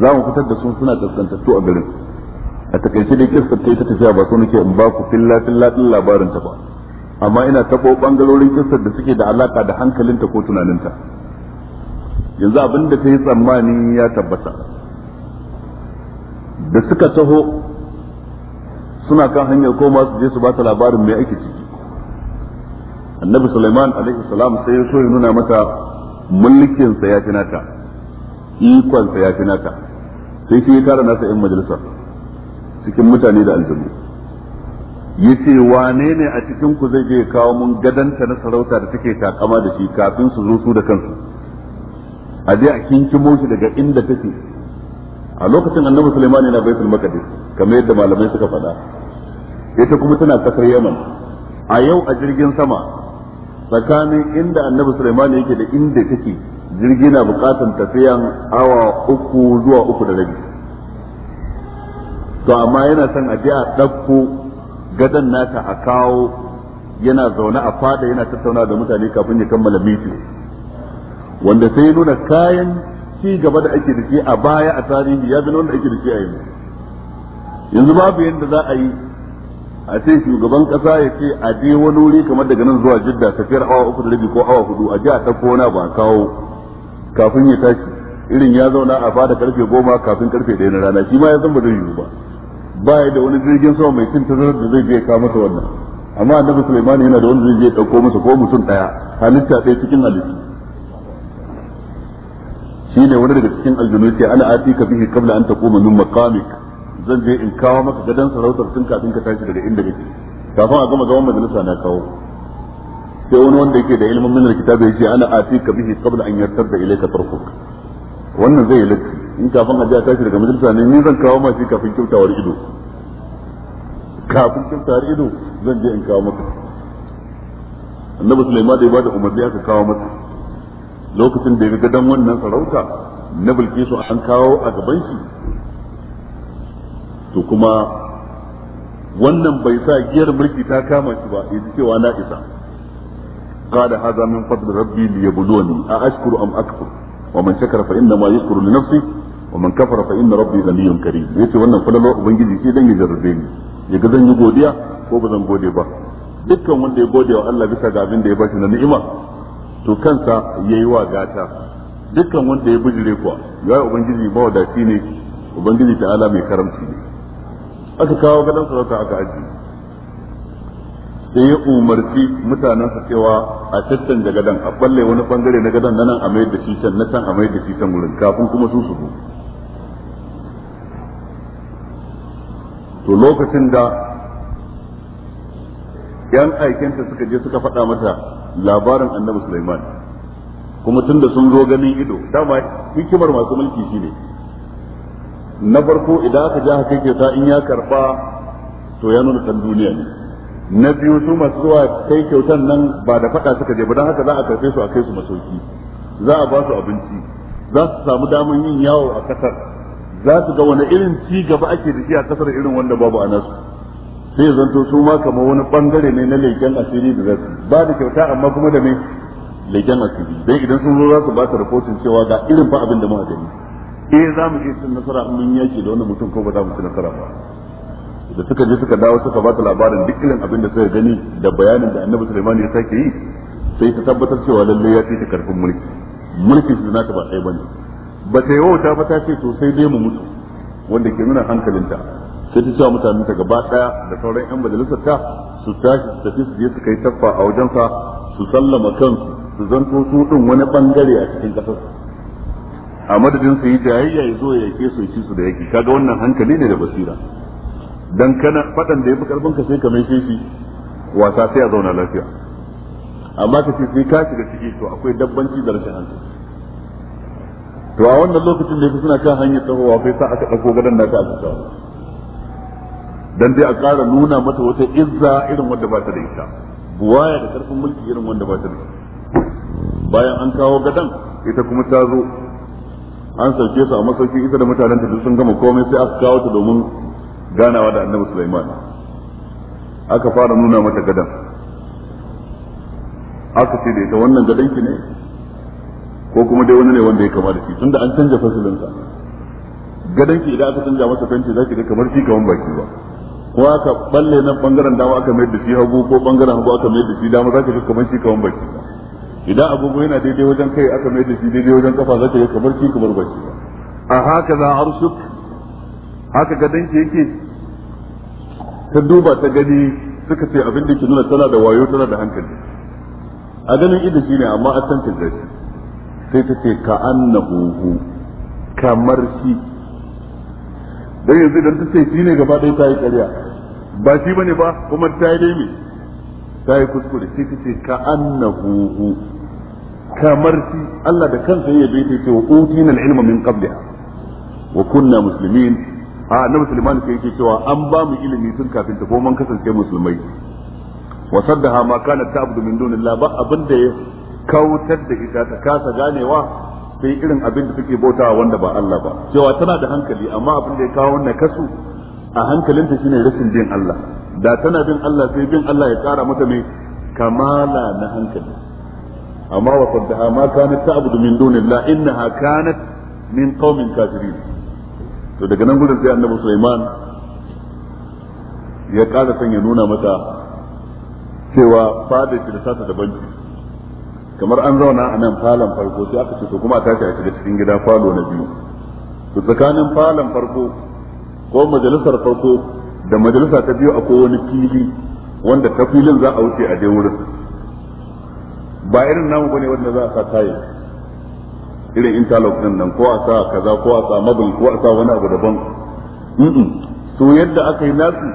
za mu fitar da su suna kaskantattu a garin a takaice dai kissa ta ta tafiya ba su nake in ba ku filla filla din labarin ta ba amma ina tabo bangarorin kissar da suke da alaka da hankalinta ko tunaninta yanzu abin da ta yi tsammani ya tabbata da suka taho suna kan hanyar koma su je su ba ta labarin mai ake ciki annabi Sulaiman alaihi salam sai ya so ya nuna mata mulkin sa ya fi ikon sa ya tinata sai shi ya tara nasa yan majalisar cikin mutane da aljanu ce wane ne a cikin ku zai je kawo mun gadanta na sarauta da take takama da shi kafin su zo su da kansu a je a kinkimo shi daga inda take a lokacin annabi Sulaiman yana baitul maqdis kamar yadda malamai suka faɗa ita kuma tana kasar yaman a yau a jirgin sama tsakanin inda annabi sulaiman yake da inda take jirgi na bukatan tafiyan awa uku zuwa uku da rabi to amma yana son a je a ɗauko gadon nata a kawo yana zaune a fada yana tattauna da mutane kafin ya kammala miti wanda sai nuna kayan ci gaba da ake da shi a baya a tarihi ya bi wanda ake da shi a yanzu yanzu babu yadda za a yi a ce shugaban kasa ya ce a je wani wuri kamar daga nan zuwa jidda tafiyar awa uku da rabi ko awa hudu a je a ɗauko wani ba kawo kafin ya tashi irin ya zauna a bada karfe goma kafin karfe ɗaya na rana shi ma ya zan ba zai yiwu ba ba ya da wani jirgin sama mai cin tazarar da zai je kawo masa wannan amma annabi sulaiman yana da wani zai je ɗauko masa ko mutum ɗaya halitta ɗaya cikin halittu shine wani daga cikin aljunu ce ana atika bihi qabla an taquma min maqamika zan je in kawo maka gadon sarautar tun kafin ka tashi daga inda kake kafin a gama gaban majalisa na kawo sai wani wanda yake da ilimin minar kitabu ya ce ana ka bihi qabla an yartadda ilayka tarfuk wannan zai latti in kafin a ji a tashi daga majalisa ne ni zan kawo maka shi kafin kyautawar ido kafin kyautawar ido zan je in kawo maka annabi sulaiman da ya bada umarni aka kawo masa lokacin da ya ga gadon wannan sarauta na bilkisu an kawo a gaban shi to kuma wannan bai sa giyar mulki ta kama shi ba yanzu cewa na isa qala hadha min fadl rabbi liyabluwani a ashkuru am akfur wa man shakara fa inna ma yashkuru li nafsi wa man kafara fa inna rabbi ghaniyyun karim yace wannan fadalo ubangiji sai dan ya jarrabe ni ya ga zan yi godiya ko ba zan gode ba dukkan wanda ya gode wa Allah bisa ga da ya bashi na ni'ima to kansa yayi wa gata dukkan wanda ya bijire kuwa ya ubangiji ne ubangiji ta'ala mai karamci ne aka kawo gadon sarauta aka aji sai ya umarci mutanen sa cewa a tattan da gadon a balle wani bangare na gadon nan a mai da shi can na can a mai da shi can wurin kafin kuma su su to lokacin da yan aikinta suka je suka faɗa mata labarin annabi Sulaiman kuma tunda sun zo ganin ido dama hikimar masu mulki shine ne na farko idan aka ja haka kyauta in ya karba to ya nuna san duniya ne na biyu su masu zuwa kai kyautan nan ba da faɗa suka je ba don haka za a karfe su a kai su masauki za a ba su abinci za su samu daman yin yawo a kasar za su ga wani irin ci gaba ake da shi a kasar irin wanda babu a nasu sai zanto su ma kamar wani bangare ne na leƙen asiri da za su ba da kyauta amma kuma da mai leƙen asiri dai idan sun zo za su ba ta rahoton cewa ga irin fa abin da muka gani eh za mu je nasara in mun yaki da wannan mutum ko ba za mu ci nasara ba da suka je suka dawo suka bata labarin duk irin abin da suka gani da bayanin da annabi Sulaiman ya sake yi sai ta tabbatar cewa lalle ya fi karfin mulki mulki su nata ba sai bane ba ta yawo ta ba ce to sai dai mu mutu wanda ke nuna hankalinta sai ta cewa mutanen ta gaba daya da sauran yan majalisar ta su tashi su tafi su je su kai taffa a wajensa su sallama kansu su zanto su din wani bangare a cikin kasarsu a madadin su yi jayayya ya zo ya ke su su da yake kaga wannan hankali ne da basira dan kana fadan da yafi karfin ka sai ka mai shi wasa sai a zauna lafiya amma ka ce sai ka shiga ciki to akwai dabbanci da rashin hankali to a wannan lokacin da yafi suna kan hanyar tsawowa sai sa aka dauko gadon na ka aka dan dai a ƙara nuna mata wata izza irin wanda ba ta da ita buwaya da karfin mulki irin wanda ba ta da ita bayan an kawo gadon, ita kuma ta zo an sauke su a masauki ita da mutanen ta sun gama komai sai aka kawo ta domin ganawa da annabi Sulaiman aka fara nuna mata gadan aka ce da ita wannan gadan ki ne ko kuma dai wani ne wanda ya kama da shi tunda an canja fasalin sa gadan ki idan aka canja masa fenti zaki ga kamar shi kaman baki ba ko aka balle nan bangaren dama aka mai da shi hagu ko bangaren hagu aka mai da shi dama zaki ga kamar shi kaman baki ba idan agogo yana daidai wajen kai aka mai da shi daidai wajen kafa zaka yi kamar shi kamar ba a haka za su haka gadon ki yake ta duba ta gani suka ce abin da ke nuna tana da wayo tana da hankali a ganin ido shi ne amma a san gaji sai ta ce ka annahu kamar shi dan yanzu idan ta ce shi ne gaba ɗaya ta yi ƙarya ba shi ne ba kuma ta yi dai me ta yi kuskure sai ta ce ka annahu kamar shi Allah da kansa ya bai ta ce wa utina al-ilma min qabliha wa kunna muslimin a na musulman sai yake cewa an ba mu ilimi tun kafin ta ko mun kasance musulmai wa saddaha ma kana ta'budu min dunillah ba abinda ya kautar da ita ta kasa ganewa sai irin abin da suke bautawa wanda ba Allah ba cewa tana da hankali amma abin da ya kawo wannan kasu a hankalinta shine rashin bin Allah da tana bin Allah sai bin Allah ya kara mata mai kamala na hankali amma wa qaddaha ma kanat ta'budu min dunillah innaha kanat min qaumin kafirin to daga nan gudun sai annabi Sulaiman ya kara son ya nuna mata cewa fada shi da da banki kamar an zauna a nan falon farko sai aka ce to kuma a tashi a shiga cikin gida falo na biyu to tsakanin falon farko ko majalisar farko da majalisa ta biyu akwai wani fili wanda ta filin za a wuce a je wurin ba irin namu bane wanda za a sa tayi irin interlock din nan ko a sa kaza ko a sa mabul ko a sa wani abu daban to yadda aka yi nasu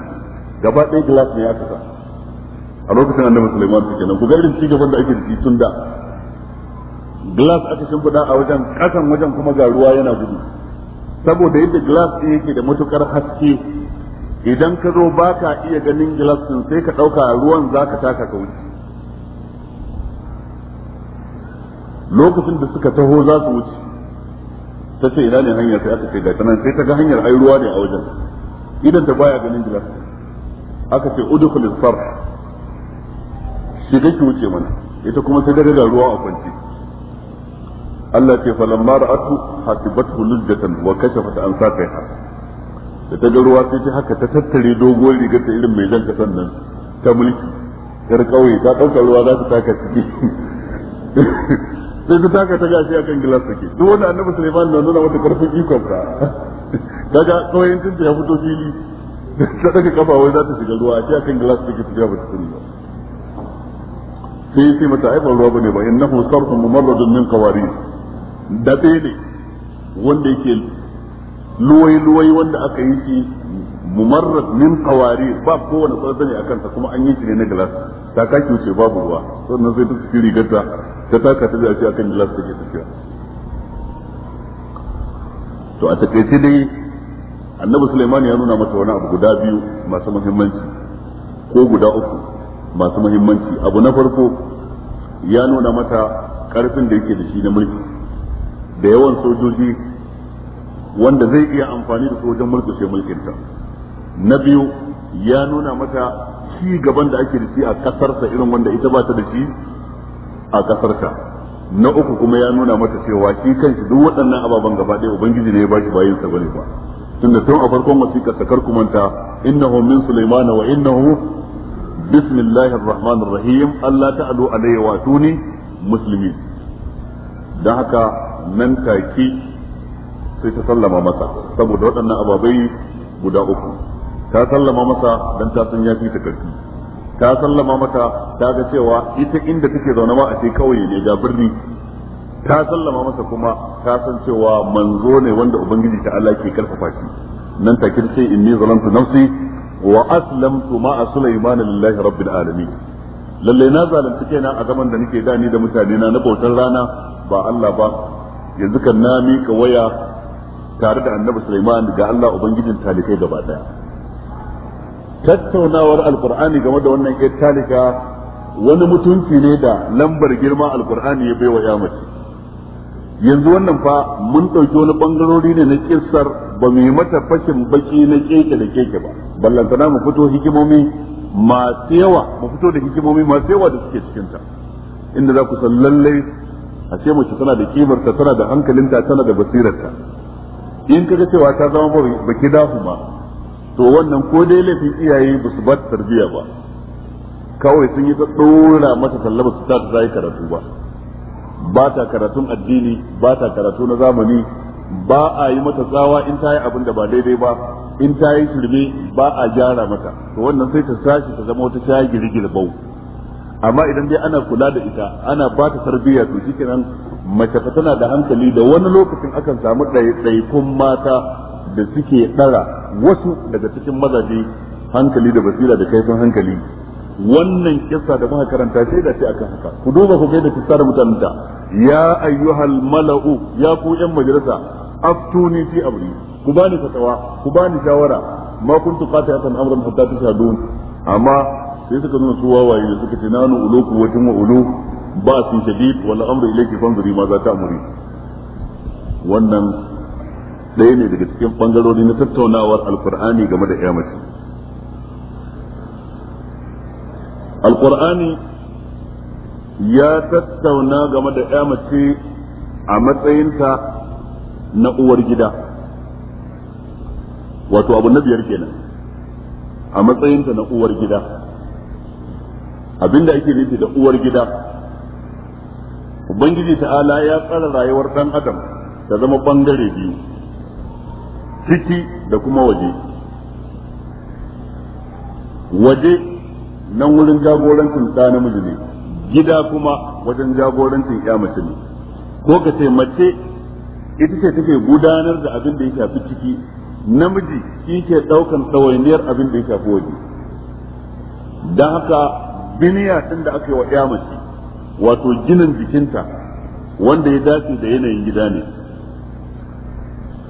gaba ɗaya glass ne aka sa a lokacin annabi Sulaiman su kenan ku ga irin cigaban da ake da tun da glass aka shimfiɗa a wajen ƙasan wajen kuma ga ruwa yana gudu saboda yadda glass ɗin yake da matukar haske idan ka zo ba ka iya ganin glass ɗin sai ka ɗauka ruwan za ka taka ka wuce lokacin da suka taho za su wuce ta ce ina ne hanyar sai aka ce ga nan sai ta ga hanyar ai ruwa ne a wajen idan ta baya ganin glass aka ce udkhul sarf shiga ki wuce mana ita kuma sai daga ruwa a kwance Allah ce falamma ra'atu hasibatu lujjatan wa kashafat an saqiha da ta ga ruwa sai ta haka ta tattare dogon rigar ta irin mai zanka kasan nan ta mulki yar kauye ta dauka ruwa za ta taka ciki sai ta taka ta gashi akan gilas take duk wanda annabi Sulaiman na nuna mata karfin ikon ka daga kauyen tinta ya fito fili ta daga kafa wai za ta shiga ruwa a akan gilas take ta gaba ta sani sai sai mata a'ibar ruwa bane ba innahu sarfun mumarradun min qawarir datse ne wanda yake luwai-luwai wanda aka yi shi mumarrat min kawari ba kowane tsarsani a kansa kuma an yi shi ne na glass ta kaki wuce babu ruwa sannan zai ta tafi rigarta ta taka ta zai a kan glass take tafiya to a takaice dai annabi suleiman ya nuna mata wani abu guda biyu masu muhimmanci ko guda uku masu muhimmanci abu na farko ya nuna mata karfin da yake da shi na mulki da yawan sojoji wanda zai iya amfani da su wajen mulkushe mulkinta na biyu ya nuna mata ci gaban da ake da shi a kasarsa irin wanda ita ba ta da shi a kasarta na uku kuma ya nuna mata cewa shi kanshi duk waɗannan ababen gaba ɗaya ubangiji ne ya bashi bayin sa bane ba tunda tun a farkon wasiƙa ta kumanta innahu min sulaimana wa innahu bismillahir rahmanir rahim Allah ta alayya wa tuni muslimin dan haka nan take sai ta sallama masa saboda waɗannan ababai guda uku ta sallama masa dan ta san ya fi ta karfi ta sallama mata ta ga cewa ita inda take zaune ma a ce kawai ne ga birni ta sallama masa kuma ta san cewa manzo ne wanda ubangiji ta Allah ke karfafa shi nan ta sai inni zalantu nafsi wa aslamtu ma'a sulaiman lillahi rabbil alamin lalle na zalunci kaina a zaman da nake da ni da mutane na na bautar rana ba Allah ba yanzu kan na mika waya tare da annabi Sulaiman ga Allah ubangijin talikai gaba daya tattaunawar alqur'ani game da wannan kai talika wani mutunci ne da lambar girma alqur'ani ya baiwa ya mace yanzu wannan fa mun ɗauki wani bangarori ne na kissar ba mu yi mata fashin baki na keke da keke ba ballantana mu fito hikimomi masu mu fito da hikimomi masu yawa da suke cikinta inda za ku san lallai ashe mace tana da kimarta tana da hankalinta tana da basirarta in kaga cewa ta zama ba ki dafu ba to wannan ko dai laifin iyaye ba su ba ta tarbiyya ba kawai sun yi ta dora mata tallaba su ta ta yi karatu ba ba ta karatun addini ba ta karatu na zamani ba a yi mata tsawa in ta yi abin da ba daidai ba in ta yi shirme ba a gyara mata to wannan sai ta sashi ta zama wata shagirgir bau amma idan dai ana kula da ita ana ba ta tarbiyya to shikenan mace fa tana da hankali da wani lokacin akan samu ɗaiɗaikun mata da suke ɗara wasu daga cikin mazaje hankali da basira da kaifin hankali wannan kissa da muka karanta sai da ce akan haka ku duba ku kai da kissa da mutanenta ya ayyuhal mala'u ya ku yan majalisa aftuni fi amri ku bani fatawa ku bani shawara ma kuntu qati'atan amran hatta tashhadun amma sai suka nuna su wawaye da suka ce nanu uluku wa tuma ulu ba su shadid wal amru ilayki fanzuri ma za ta amuri wannan ɗaya ne daga cikin bangarori na tattaunawar alqur'ani game da iyamaci alqur'ani ya tattauna game da iyamaci a matsayinta na uwar gida wato abu na biyar kenan a matsayinta na uwar gida abinda ake nufi da uwar gida ubangiji ta'ala ya tsara rayuwar dan adam ta zama bangare biyu ciki da kuma waje waje nan wurin jagorancin ɗa namiji ne gida kuma wajen jagorancin ya mace ne ko ka ce mace ita ce take gudanar da abin da ya shafi ciki namiji shi ke ɗaukan ɗawainiyar abin da ya shafi waje don haka biniya tun da aka yi wa ya mace wato ginin jikinta wanda ya dace da yanayin gida ne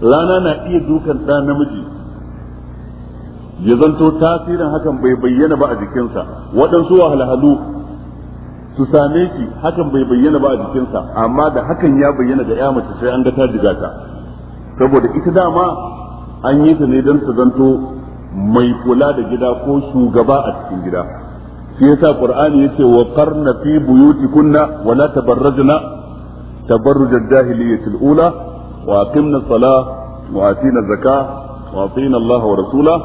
rana na iya dukan ɗa namiji ya zanto tasirin hakan bai bayyana ba a jikinsa waɗansu wahalhalu su same shi hakan bai bayyana ba a jikinsa amma da hakan ya bayyana da ya mace sai an ga ta jiga ta saboda ita dama an yi ta ne don su zanto mai kula da gida ko shugaba a cikin gida shi yasa qur'ani yace wa qarna fi buyutikunna wa la tabarrajna tabarruj ad-dahiliyyati al-ula wa aqimna as-salah wa atina az-zakah wa atina Allah wa rasulah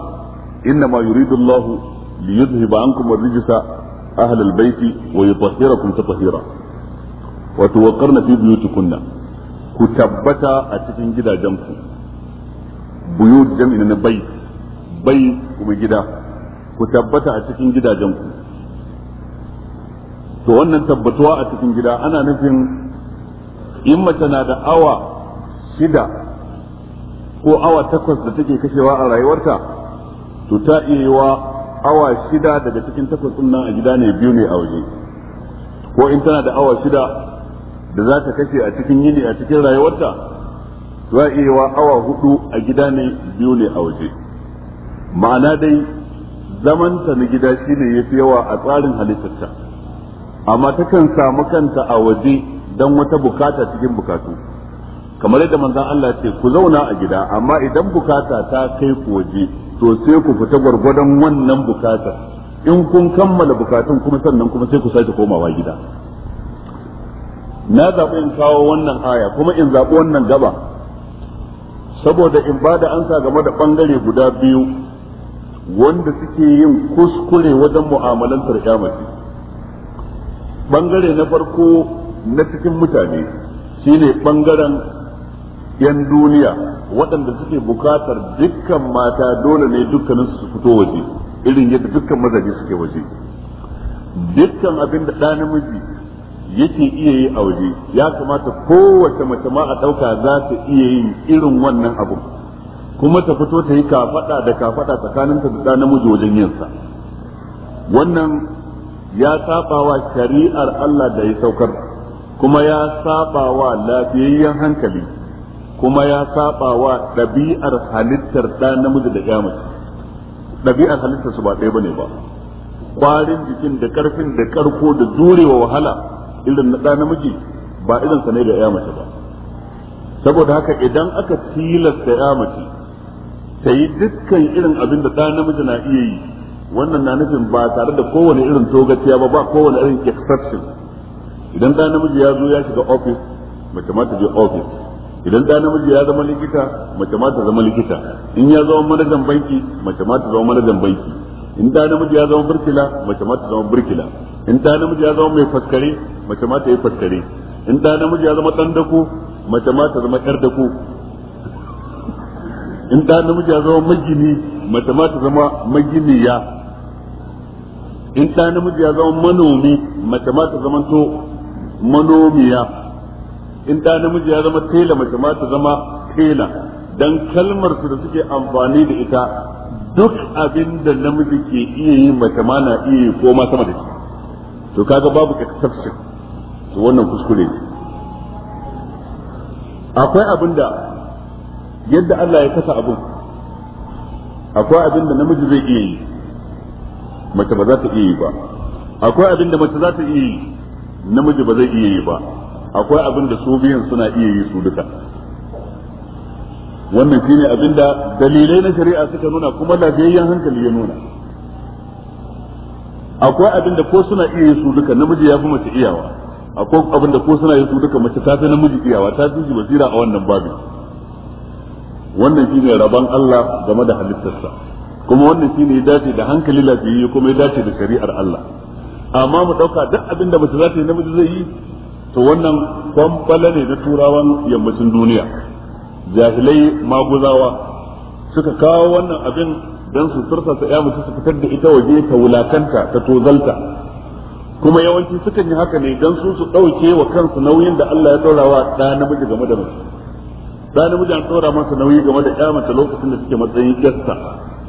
innama yuridu Allah liyudhhiba ankum ar-rijsa ahl al-bayt wa yutahhirakum tatheera wa tuwaqqarna fi ku tabbata a cikin gidajenku na bai bai kuma gida ku tabbata a cikin gidajenku to wannan tabbatuwa a cikin gida ana nufin in mace na da awa shida ko awa takwas da take kashewa a rayuwarta to ta iya yi wa awa shida daga cikin takwas din nan a gida ne biyu ne a waje ko in tana da awa shida da za ta kashe a cikin yini a cikin rayuwarta za iya yi wa awa hudu a gida ne biyu ne a waje ma'ana dai zamanta na gida shine yafi yawa a tsarin halittarta amma takan samu kanta a waje don wata bukata cikin bukatu kamar yadda manzon Allah ce ku zauna a gida amma idan bukata ta kai ku waje to sai ku fita gwargwadon wannan bukata in kun kammala bukatun kuma sannan kuma sai ku sake komawa gida na zaɓi in kawo wannan aya kuma in zaɓi wannan gaba saboda in ba da ansa game da ɓangare guda biyu wanda suke yin kuskure wajen mu'amalantar kyamaci bangare na farko na cikin mutane shine bangaren yan duniya waɗanda suke bukatar dukkan mata dole ne dukkanin su fito waje irin yadda dukkan mazaje suke waje dukkan abin da ɗa namiji yake iya yi a waje ya kamata kowace mace ma a ɗauka za ta iya yin irin wannan abu kuma ta fito ta yi kafaɗa da kafaɗa tsakaninta da ɗa namiji wajen yinsa wannan ya saba wa shari'ar Allah da ya saukar kuma ya saba wa lafiyayyen hankali kuma ya saba wa ɗabi'ar halittar ɗa namiji da ya mace ɗabi'ar halittar su ba ɗaya bane ba kwarin jikin da ƙarfin da ƙarko da jurewa wahala irin na ɗa namiji ba irin sa ne da ya mace ba saboda haka idan aka tilasta ya mace ta yi dukkan irin abin da ɗa namiji na iya yi wannan na nufin ba tare da kowane irin togaciya ba ba kowane irin exception idan ɗan namiji ya zo ya shiga office mace ma ta je office idan ɗan namiji ya zama likita mace ma ta zama likita in ya zama manajan banki mace ma ta zama manajan banki in ɗan namiji ya zama burkila mace ma ta zama burkila in ɗan namiji ya zama mai faskare mace ma ta yi faskare in ɗan namiji ya zama ɗan dako mace ma ta zama ƴar dako in ɗan namiji ya zama magini mace ma ta zama maginiya in ɗa namiji ya zama manomi mace ma ta zama to manomiya in ɗa namiji ya zama tela mace ma ta zama tela dan kalmar su da suke amfani da ita duk abin da namiji ke iya yi mace ma na iya yi ko ma sama da shi to kaga babu exception to wannan kuskure ne akwai abin da yadda Allah ya kasa abin akwai abin da namiji zai iya yi mace ba za ta iya yi ba akwai abin da mace za ta iya yi namiji ba zai iya yi ba akwai abin da su biyan suna iya yi su duka wannan shine abin da dalilai na shari'a suka nuna kuma lafiyayyen hankali ya nuna akwai abin da ko suna iya yi su duka namiji ya fi mace iyawa akwai abin da ko suna yi su duka mace ta fi namiji iyawa ta fi basira a wannan babin wannan shine rabon Allah game da halittarsa kuma wannan ne ya dace da hankali lafiyayye kuma ya dace da shari'ar Allah amma mu dauka duk abin da mace za ta yi namiji zai yi to wannan kwamfala ne na turawan yammacin duniya jahilai maguzawa suka kawo wannan abin don su tursasa ya mace su fitar da ita waje ta wulakanta ta tozalta kuma yawanci sukan yi haka ne don su su ɗauke wa kansu nauyin da Allah ya ɗora wa ɗa namiji game da mace ɗa namiji an ɗora masa nauyi game da ya mace lokacin da suke matsayin gasta.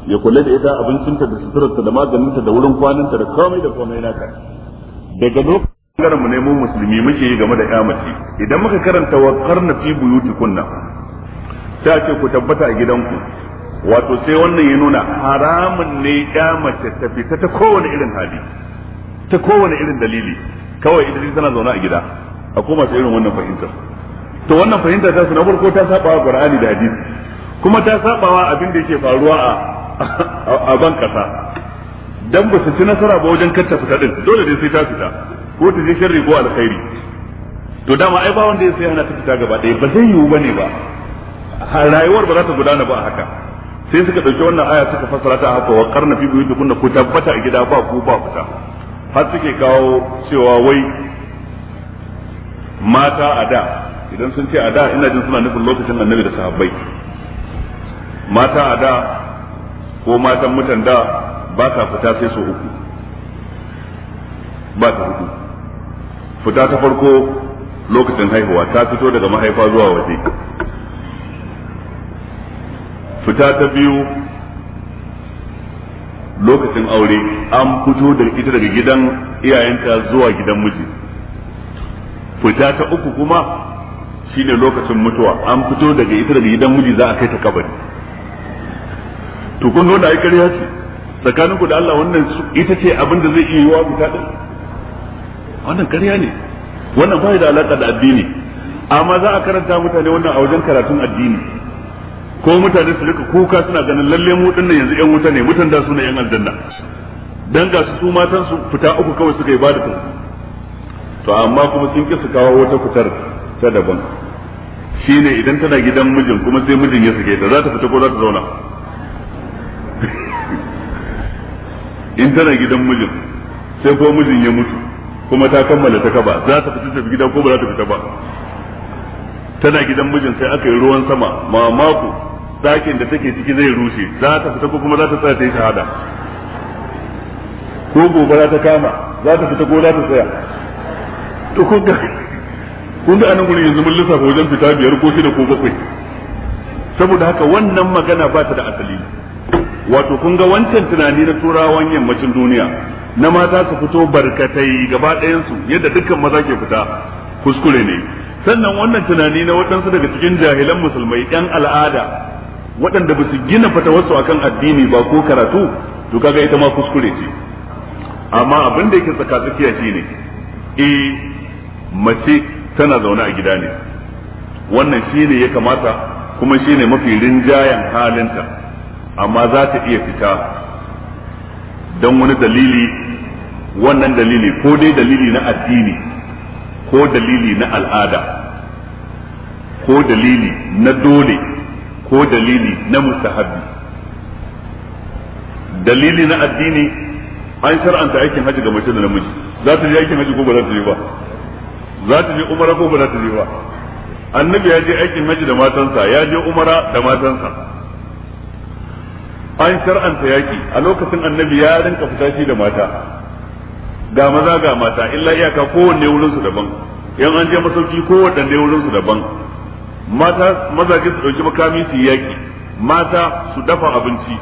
ya kula da ita abincinta da suturarta da maganinta da wurin kwaninta da komai da komai naka daga lokacin mu ne mu musulmi muke yi game da mace idan muka karanta wa karna fi kunna, ta ce ku tabbata a gidanku wato sai wannan ya nuna haramun ne mace ta fita ta kowane irin hali ta kowane irin dalili kawai idan tana zaune a gida a koma ta irin wannan fahimtar to wannan fahimtar ta su na farko ta saba wa qur'ani da hadisi kuma ta saba wa abin da yake faruwa a a ban kasa dan ba su ci nasara ba wajen kar fita din dole dai sai ta fita ko ta je sharri ko alkhairi to dama ai ba wanda ya sai hana ta fita gaba ɗaya ba zai yiwu bane ba rayuwar ba za ta gudana ba haka sai suka ɗauki wannan aya suka fassara ta haka wa karna fi biyu kunna ku tabbata a gida ba ku ba fita har suke kawo cewa wai mata a da idan sun ce a da ina jin suna nufin lokacin annabi da sahabbai mata a da ko matan mutan da ba ka fita sai su uku ba ta hudu fita ta farko lokacin haihuwa ta fito daga mahaifa zuwa waje fita ta biyu lokacin aure an fito da ita daga gidan iyayenta zuwa gidan miji fita ta uku kuma shine lokacin mutuwa an fito daga ita daga gidan miji za a kai ta kabari to kun nuna ai ƙarya ce tsakanin ku da Allah wannan ita ce abin da zai iya yiwa ku ta wannan ƙarya ne wannan bai da alaka da addini amma za a karanta mutane wannan a wajen karatun addini ko mutane su rika kuka suna ganin lalle mu dinnan yanzu yan wuta ne mutan da suna yan aljanna dan ga su matan su fita uku kawai suka yi ba da to amma kuma sun ki su kawo wata fitar ta daban shine idan tana gidan mijin kuma sai mijin ya sake ta za ta fita ko za ta zauna in tana gidan mijin sai ko mijin ya mutu kuma ta kammala ta kaba za ta fita tafi gida ko ba za ta fita ba tana gidan mijin sai aka yi ruwan sama mamaku dakin da take ciki zai rushe za ta fita ko kuma za ta tsaya ta yi shahada ko gobara ta kama za ta fita ko za ta tsaya to kun ga kun ga anan gurin yanzu mun lissafa wajen fita biyar ko shida ko bakwai saboda haka wannan magana ba ta da asali wato kun ga wancan tunani na turawan yammacin duniya na mata su fito barkatai gaba ɗayansu yadda dukkan maza ke fita kuskure ne sannan wannan tunani na waɗansu daga cikin jahilan musulmai yan al'ada waɗanda ba su gina fatawarsu akan addini ba ko karatu to kaga ita ma kuskure ce amma abin da yake tsaka tsakiya ne e mace tana zaune a gida ne wannan shine ya kamata kuma shine mafi rinjayen halinta amma za ta iya fita don wani dalili wannan dalili ko dai dalili na addini ko dalili na al'ada ko dalili na dole ko dalili na mustahabi dalili na addini an shar'anta aikin haji ga mace da namiji za ta je aikin haji ko ba za ta je ba za ta je umara ko ba za ta je ba annabi ya je aikin haji da matansa ya je umara da matansa an shar'anta yaki a lokacin annabi ya rinka fita shi da mata ga maza ga mata illa iyaka kowanne wurin su daban yan an je masauki kowanne wurin su daban mata mazaje su dauki makami su yaki mata su dafa abinci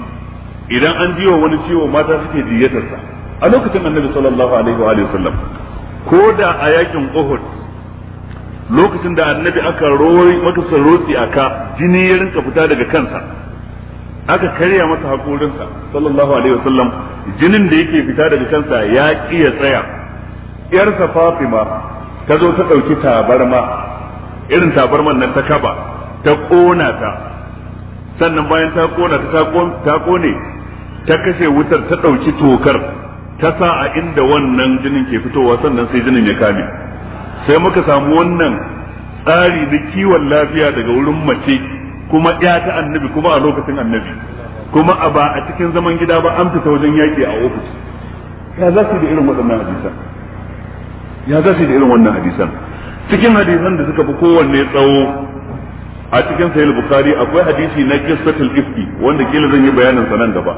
idan an jiwa wani ciwo mata suke jiyatarsa a lokacin annabi sallallahu alaihi wa sallam ko da a yakin Uhud lokacin da annabi aka roi mata sarroti aka jini ya rinka fita daga kansa aka karya masa hakorinsa sallallahu alaihi wasallam jinin da yake fita daga kansa ya ki ya tsaya yarsa Fatima ta zo ta dauki tabarma irin tabarman nan ta kaba ta kona ta sannan bayan ta kona ta ta kone ta kashe wutar ta ɗauki tokar ta sa a inda wannan jinin ke fitowa sannan sai jinin ya kame sai muka samu wannan tsari na kiwon lafiya daga wurin mace kuma ya ta annabi kuma a lokacin annabi kuma a ba a cikin zaman gida ba an fita wajen yaki a ofis ya za su da irin waɗannan hadisan ya za su da irin wannan hadisan cikin hadisan da suka fi kowanne tsawo a cikin sahih bukhari akwai hadisi na qissatul ifki wanda kila zan yi bayanin sa nan gaba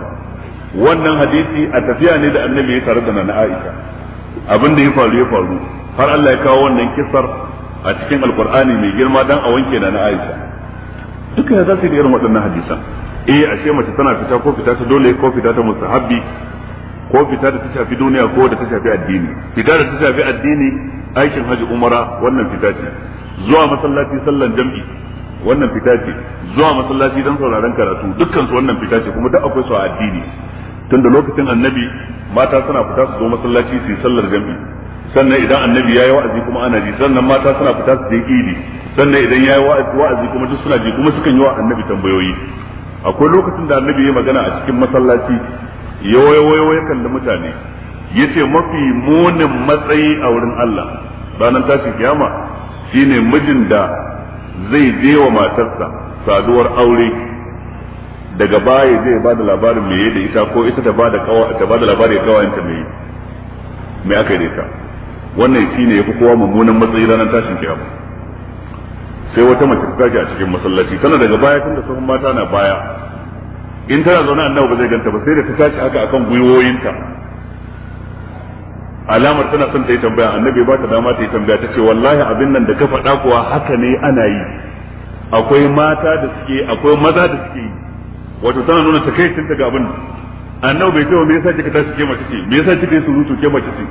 wannan hadisi a tafiya ne da annabi ya tare da na Aisha abin da ya faru ya faru har Allah ya kawo wannan kissar a cikin alqur'ani mai girma dan a wanke na Aisha duka ya za su yi da irin waɗannan hadisan eh ashe mace tana fita ko fita ta dole ko fita ta mustahabbi ko fita da ta shafi duniya ko da ta shafi addini fita da ta shafi addini aikin haji umara wannan fita ce zuwa masallaci sallan jam'i wannan fita ce zuwa masallaci dan sauraron karatu dukkan su wannan fita ce kuma duk akwai su a addini tunda lokacin annabi mata suna fita su zo masallaci su yi sallar jam'i sannan idan annabi ya yi wa'azi kuma ana ji sannan mata suna fita su je idi sannan idan ya yi wa'azi kuma duk suna ji kuma sukan yi wa annabi tambayoyi akwai lokacin da annabi ya magana a cikin masallaci ya wayo ya kalli mutane ya ce mafi munin matsayi a wurin Allah ranar tashin kiyama shine mijin da zai je wa matarsa saduwar aure daga baya zai ba da labarin me da ita ko ita ta ba da labarin kawayenta me me aka yi da ita wannan ya fi kowa mummunan matsayi ranar tashin kiyama sai wata mace ta tashi a cikin masallaci tana daga baya tunda sahun mata na baya in tana zaune annabi ba zai ganta ba sai da ta tashi haka akan gwiwoyinta alamar tana son ta yi tambaya annabi ba ta dama ta yi tambaya ta ce wallahi abin nan da ka faɗa kuwa haka ne ana yi akwai mata da suke akwai maza da suke wato tana nuna takaicinta ga abin annabi bai ce wa me yasa kika tashi ke mace ce me yasa kika yi surutu ke mace ce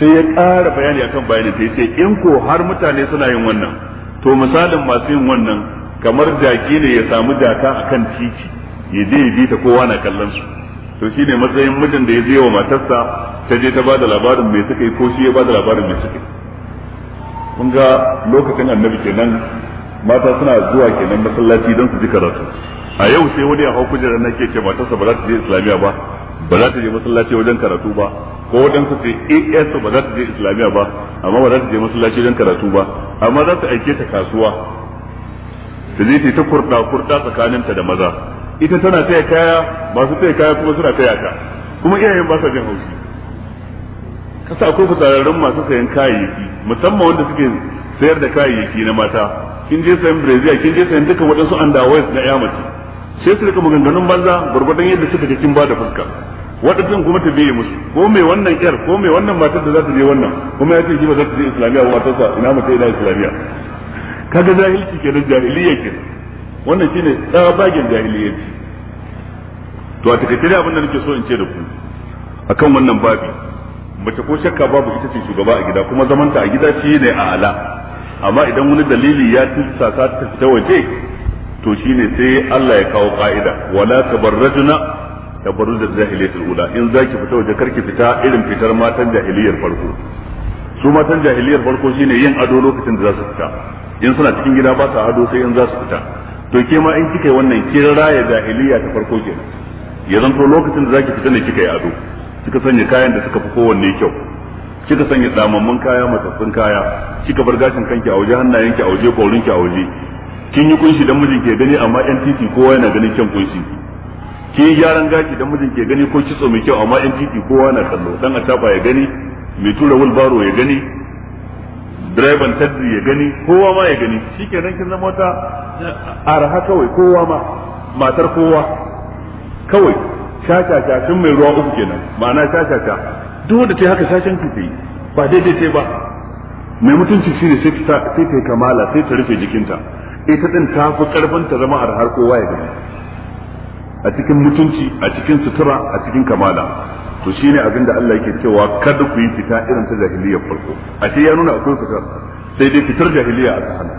sai ya ƙara bayani akan bayanin ta yace in ko har mutane suna yin wannan to misalin masu yin wannan kamar jaki ne ya samu jaka akan titi ya je ya bi kowa na kallon su to shine matsayin mijin da ya je wa matarsa ta je ta ba da labarin mai suka yi ko shi ya ba da labarin mai suka yi kun ga lokacin annabi kenan mata suna zuwa kenan masallaci don su ji karatu a yau sai wani ya hau kujerar ke ce matarsa ba za ta je islamiyya ba ba za ta je masallaci wajen karatu ba ko wajen su ce AS ba za ta je islamiyya ba amma ba za ta je masallaci wajen karatu ba amma za ta aike ta kasuwa ta je ta kurda kurda tsakaninta da maza ita tana taya kaya masu taya kaya kuma suna taya ta, kuma iyayen ba sa jin haushi kasa akwai fitararrun masu sayan kayayyaki musamman wanda suke sayar da kayayyaki na mata kin je sayan brazil kin je sayan duka waɗansu andawais na ya sai su rika maganganun banza gurgurdan yadda suka cikin ba da fuska waɗannan kuma ta biye musu ko mai wannan yar ko mai wannan matar da za ta je wannan kuma ya ce shi ba za ta je islamiyya ba sa ina mace ina islamiyya kaga jahilci kenan jahiliyya kenan wannan shine tsabagen jahiliyya to a takaice dai abin da nake so in ce da ku akan wannan babi mace ko shakka babu ita ce shugaba a gida kuma zamanta a gida shi ne a ala amma idan wani dalili ya tusa ta fita waje to shine sai Allah ya kawo ka'ida wala tabarrajna tabarruj al-jahiliyatul ula in zaki fita waje karki fita irin fitar matan jahiliyar farko su matan jahiliyar farko shine yin ado lokacin da za su fita in suna cikin gida ba sa ado sai in za su fita to ke ma in kika yi wannan kin raya jahiliya ta farko kenan ya zanto lokacin da zaki fita ne kika yi ado kika sanya kayan da suka fi kowanne kyau kika sanya damammun kaya matsatsun kaya kika bar gashin kanki a waje hannayenki a waje korinki a waje kin yi kunshi dan mijin ke gani amma yan titi kowa yana ganin kyan kunshi kin yi gyaran gashi dan mijin ke gani ko kitso mai kyau amma yan titi kowa yana kallo dan ataba ya gani mai tura wulbaro ya gani direban tadri ya gani kowa ma ya gani shikenan kin zama ta arha kawai kowa ma matar kowa kawai shashasha sun mai ruwa uku kenan ma'ana shashasha duk wanda ta haka shashan ki yi ba daidai ta ba mai mutunci shine sai ta sai ta kamala sai ta rufe jikinta ita din ta fi karfin ta zama arhar kowa ya gani a cikin mutunci a cikin sutura a cikin kamala to shine abin da Allah yake cewa kada ku yi fita irin ta jahiliyyar farko ashe ya nuna akwai fitar sai dai fitar jahiliya a hana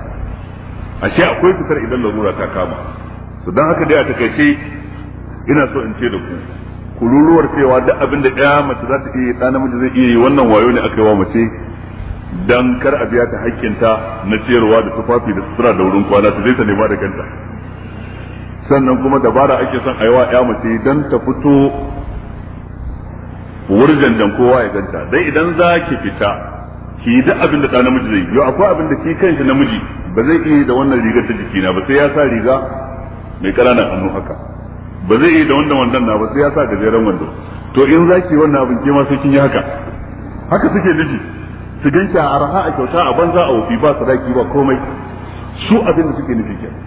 ashe akwai fitar idan lalura ta kama to dan haka dai a takaice ina so in ce da ku Kululuwar cewa duk abin da ɗaya mace za ta iya ɗa namiji zai iya yi wannan wayo ne aka yi wa mace dan kar a biya ta hakkinta na ciyarwa da tufafi da sutura da wurin kwana ta zai ta nema da kanta sannan kuma dabara ake son aiwa ya mace dan ta fito wurin dan kowa ya ganta dai idan za ki fita ki yi duk abin da ɗa namiji zai yi akwai abin da ki kanki namiji ba zai iya da wannan rigar ta jikina ba sai ya sa riga mai ƙananan hannu haka ba zai iya da wannan wandon na ba sai ya sa gajeren wando to in za ki wannan abin ke ma sai kin yi haka haka suke nufi su ganta a raha a kyauta a banza a wofi ba sadaki ba komai su abin da suke nufi kenan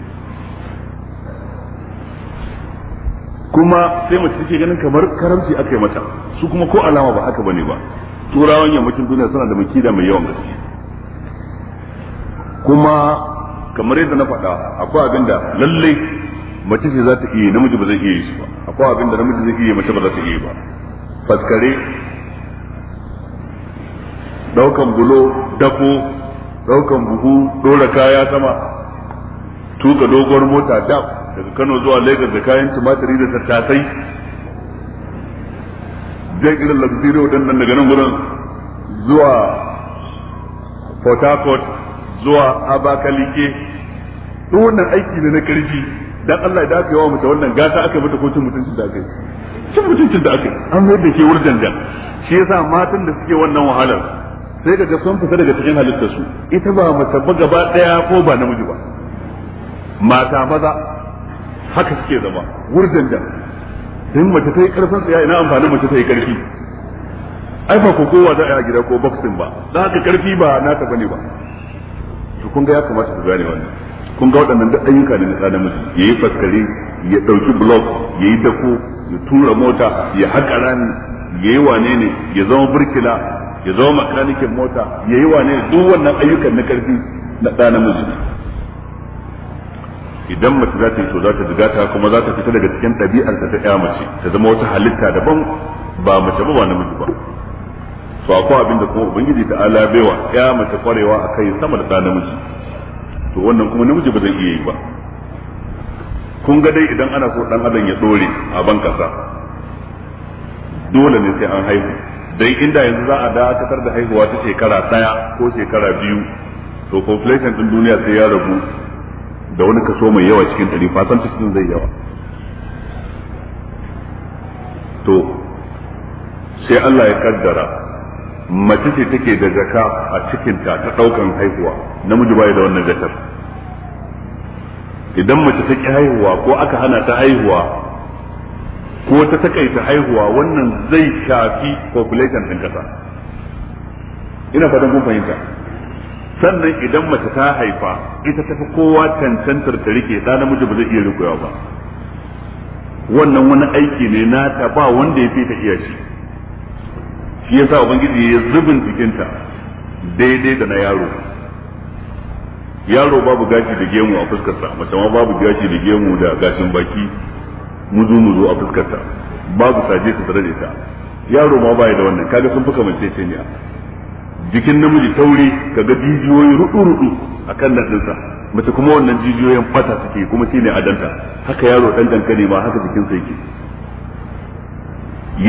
kuma sai mace take ganin kamar karamci aka yi mata su kuma ko alama ba haka bane ba turawan yammacin duniya suna da makida mai yawan gaske kuma kamar yadda na faɗa akwai abin da lallai mace ce za ta iya namiji ba zai iya yi su ba akwai abin da namiji zai iya mace ba za ta iya ba faskare daukan bulo dafo daukan buhu dora kaya sama tuka doguwar mota daf daga Kano zuwa Lagos da kayan tumatiri da tattasai zai irin luxury waɗannan daga nan gurin zuwa Port Harcourt zuwa Abakalike duk wannan aiki ne na karfi dan Allah da aka yi wa mace wannan gata aka yi mata ko cin mutuncin da aka yi cin mutuncin da yi. an mai da ke wurjan jan shi yasa matan da suke wannan wahalar sai ga sun fita daga cikin halittarsu su ita ba mace ba gaba daya ko ba namiji ba mata maza haka suke zama wurdan da din mace ta yi karfin tsaya ina amfani mace ta yi karfi ai ba ko kowa za a yi a gida ko boxing ba dan haka karfi ba nata bane ba to kun ga ya kamata ku gane wannan kun ga waɗannan duk ayyuka ne na tsada miji ya yi faskare ya ɗauki blok ya yi dako ya tura mota ya haƙa rami ya yi wane ne ya zama burkila ya zo makanikin mota ya yi wane duk wannan ayyukan na karfi na ɗa namiji idan mace za ta yi so za ta jiga ta kuma za ta fita daga cikin ɗabi'ar ta ta ya mace ta zama wata halitta daban ba mace ba ba namiji ba to akwai abin da kuma ubangiji ta ala baiwa ya mace kwarewa a kai sama da ɗa namiji to wannan kuma namiji ba zai iya yi ba kun ga dai idan ana so ɗan adam ya ɗore a ban kasa dole ne sai an haihu dai inda yanzu za a dakatar da haihuwa ta shekara daya ko shekara biyu to population din duniya sai ya rabu da wani kaso mai yawa cikin ɗari fasan cikin zai yawa to sai Allah ya kaddara mace ce take da zaka a cikinta ta ɗaukan haihuwa namiji bai da wannan zakar idan mace ta ki haihuwa ko aka hana ta haihuwa ko ta takaita haihuwa wannan zai shafi population ɗin ƙasa ina fatan kun fahimta sannan idan mace ta haifa ita tafi kowa cancantar ta rike ɗa namiji ba zai iya rikuwa ba wannan wani aiki ne nata ba wanda ya fi ta iya shi shi yasa ubangiji ya zubin jikinta daidai da na yaro yaro babu gashi da gemu a fuskarsa mace ma babu gashi da gemu da gashin baki Mudu-mudu a fuskarta babu saje su tare da ita yaro ma baya da wannan kaga sun fi kamance ce ne jikin namiji tauri kaga jijiyoyi rudu rudu akan nadinsa mace kuma wannan jijiyoyin fata suke kuma shine adanta haka yaro dan dankali ma haka sa yake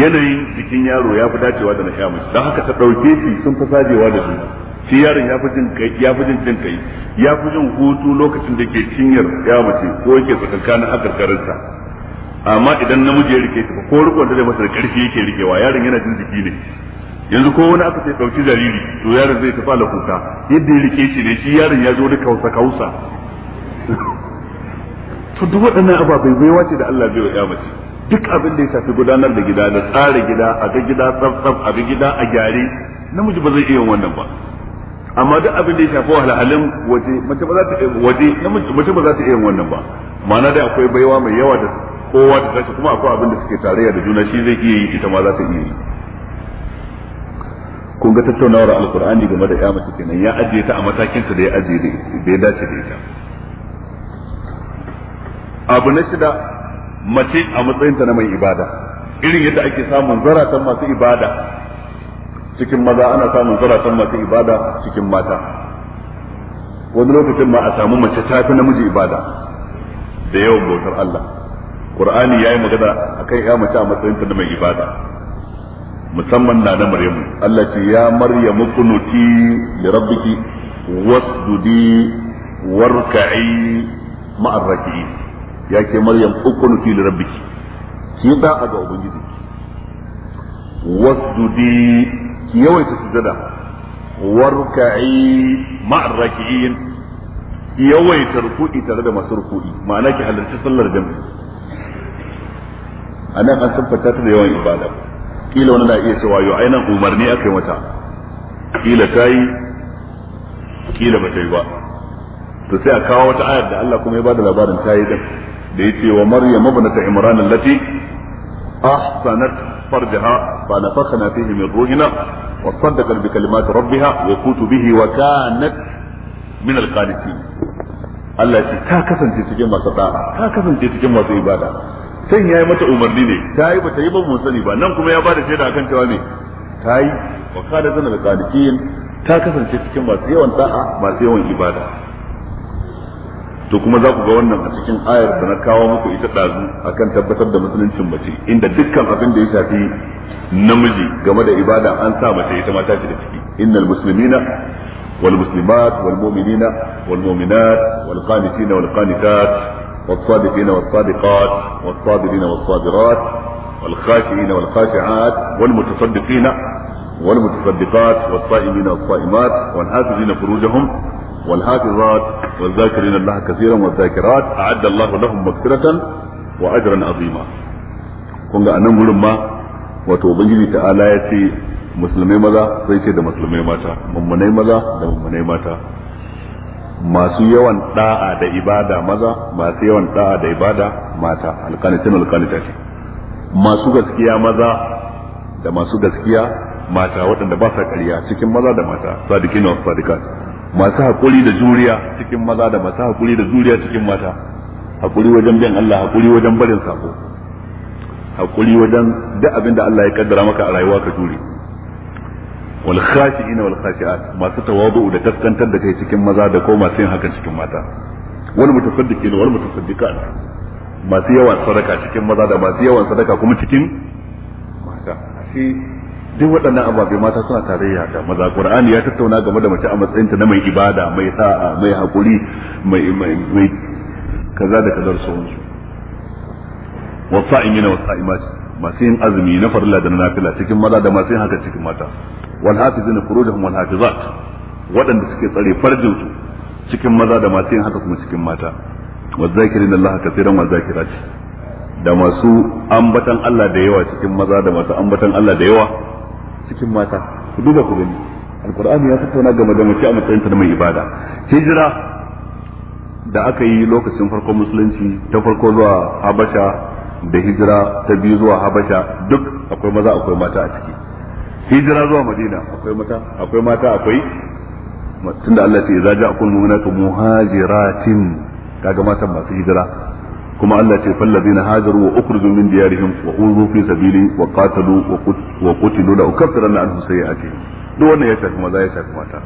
yanayin jikin yaro ya fi dacewa da na sha mace don haka ta ɗauke shi sun fi sajewa da juna shi yaron ya fi jin kai ya fi jin jin kai ya fi jin hutu lokacin da ke cinyar ya mace ko yake tsakankanin akarkarinsa amma idan namiji ya rike ta ko rikon da zai masa da karfi yake rikewa yaron yana jin jiki ne yanzu ko wani aka ce dauki jariri to yaron zai tafi ala kuka yadda ya rike shi ne shi yaron ya zo da kausa kausa to duk waɗannan ababai bai ce da Allah bai wa ya mace duk abin da ya tafi gudanar da gida da tsara gida a ga gida tsaf tsaf a ga gida a gyare namiji ba zai iya wannan ba amma duk abin da ya shafi wa waje mace ba za ta waje mace ba za ta iya wannan ba ma'ana da akwai baiwa mai yawa da kowa da tashi kuma akwai abin da suke tarayya da juna shi zai iya yi ita ma za ta iya yi kun ga tattaunawar alkur'ani game da ya mace kenan ya ajiye ta a matakin ta da ya ajiye da ya dace da ita abu na shida mace a matsayin ta na mai ibada irin yadda ake samun zaratan masu ibada cikin maza ana samun zaratan masu ibada cikin mata wani lokacin ma a samu mace ta fi namiji ibada da yawan bautar Allah Qur'ani yayi magana akan ya mace a matsayin ta da mai ibada musamman na na Maryam. Allah ce ya Maryamu kunuti li rabbiki wasjudi warka'i ma'ar raki'in ya ke Maryam ukunuti li rabbiki ki da ga ubangiji wasjudi ki yawaita sujada warka'i ma'ar raki'in ki yawaita ruku'i tare da masu ruku'i ma'ana ki halarci sallar jami'i anan an siffanta ta da yawan ibada kila wani na iya cewa yo ainihin umarni aka yi mata kila ta yi kila ba ta yi ba to sai a kawo wata ayar da Allah kuma ya bada labarin ta yi din da yace wa maryam ibnata imran allati ahsanat فرجها فنفخنا فيه من روحنا وصدقت بكلمات ربها وكتبه وكانت من القانتين Allah ce ta kasance cikin masu da'a ta kasance cikin masu ibada sai ya yi mata umarni ne ta yi bata yi ba mu sani ba nan kuma ya bada shaida akan cewa me ta yi wa kana zana da ta kasance cikin masu yawan masu yawan ibada to kuma za ku ga wannan a cikin ayar da na kawo muku ita ɗazu akan tabbatar da musuluncin mace inda dukkan abin da ya shafi namiji game da ibada an sa mace ita mata ce da ciki innal muslimina wal muslimat wal mu'minina wal mu'minat wal qanitina wal qanitat والصادقين والصادقات والصابرين والصابرات والخاشعين والخاشعات والمتصدقين والمتصدقات والصائمين والصائمات والحافظين فروجهم والحافظات والذاكرين الله كثيرا والذاكرات أعد الله لهم مغفرة وأجرا عظيما kunga anan gurin ma wato ubangiji ta'ala ya ce musulmai maza sai ce da musulmai mata mummunai maza da mummunai mata masu yawan da'a da ibada maza masu yawan da'a da ibada mata alqanitin alqanitati masu gaskiya maza da masu gaskiya mata waɗanda ba sa ƙarya cikin maza da mata sadiqina sadiqat masu haƙuri da juriya cikin maza da masu haƙuri da juriya cikin mata haƙuri wajen bin Allah haƙuri wajen barin sako haƙuri wajen duk abin da Allah ya kaddara maka a rayuwa ka jure wal khashi'in wal khashi'at masu tawadu da kaskantar da kai cikin maza da ko masu yin hakan cikin mata wani wal mutasaddiqin wal mutasaddiqat masu yawan sadaka cikin maza da masu yawan sadaka kuma cikin mata shi duk waɗannan ababe mata suna tarayya da maza qur'ani ya tattauna game da mace a matsayin ta na mai ibada mai sa'a mai hakuri mai mai kaza da wa sa'imina wa wasa'imat masu yin azumi na farilla da na nafila cikin maza da masu yin haka cikin mata wal hafizin furujuhum wal hafizat waɗanda suke tsare farjin su cikin maza da masu yin haka kuma cikin mata wazakirin Allah wa wazakirati da masu ambatan Allah da yawa cikin maza da masu ambatan Allah da yawa cikin mata ku duba ku gani alqur'ani ya tattauna game da mace a matsayin ta da mai ibada hijira da aka yi lokacin farkon musulunci ta farko zuwa habasha da hijira ta biyu zuwa habasha duk akwai maza akwai mata a ciki hijira zuwa madina akwai mata akwai mata akwai tunda Allah ce idza ja'akum mu'minatu muhajiratin kaga matan masu hijira kuma Allah ce fallazina hajaru wa ukhrizu min diyarihim wa uzu fi sabili wa qatalu wa qutilu la ukaffiranna anhu sayi'atihim duk wannan ya shafi maza ya shafi mata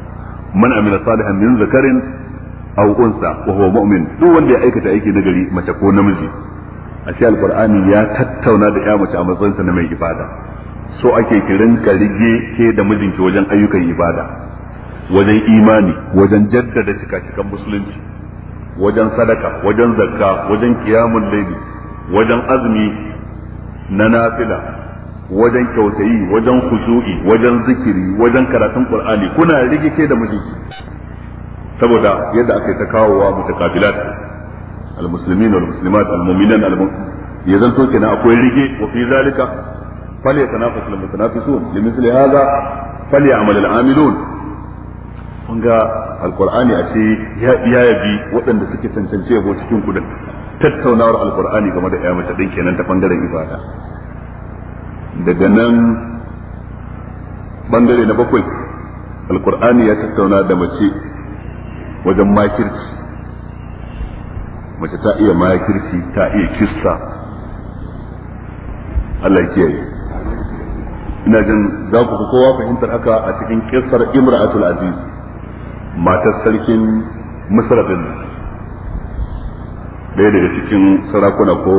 man amila salihan min zakarin aw unsa wa huwa mu'min duk wanda ya aikata aiki na gari mace ko namiji a shi alqur'ani ya tattauna da ya mace a matsayinsa na mai ibada so ake kirin ka rige ke da mijinki wajen ayyukan ibada wajen imani wajen jaddada cika-cikan musulunci wajen sadaka wajen zakka wajen kiyamun laili wajen azumi na nafila wajen kyautayi wajen kusuri, wajen zikiri wajen karatun qur'ani kuna rigike da miji saboda yadda aka ta kawo wa mutakabilat almuslimin wal muslimat almu'minin al ya zanto kenan akwai rige wa fi zalika falyatanafasu almutanafisun limithli hadha falyamal alamilun kun ga alqur'ani a ce ya yabi waɗanda suke cancance yabo cikin kudin tattaunawar alqur'ani game da ƴa din kenan ta bangaren ibada daga nan bangare na bakwai alqur'ani ya tattauna da mace wajen makirci mace ta iya makirci ta iya kissa Allah ya kiyaye ina jin za ku kowa fahimtar haka a cikin kissar imra'atul aziz matar sarkin Masar din ɗaya daga cikin sarakuna ko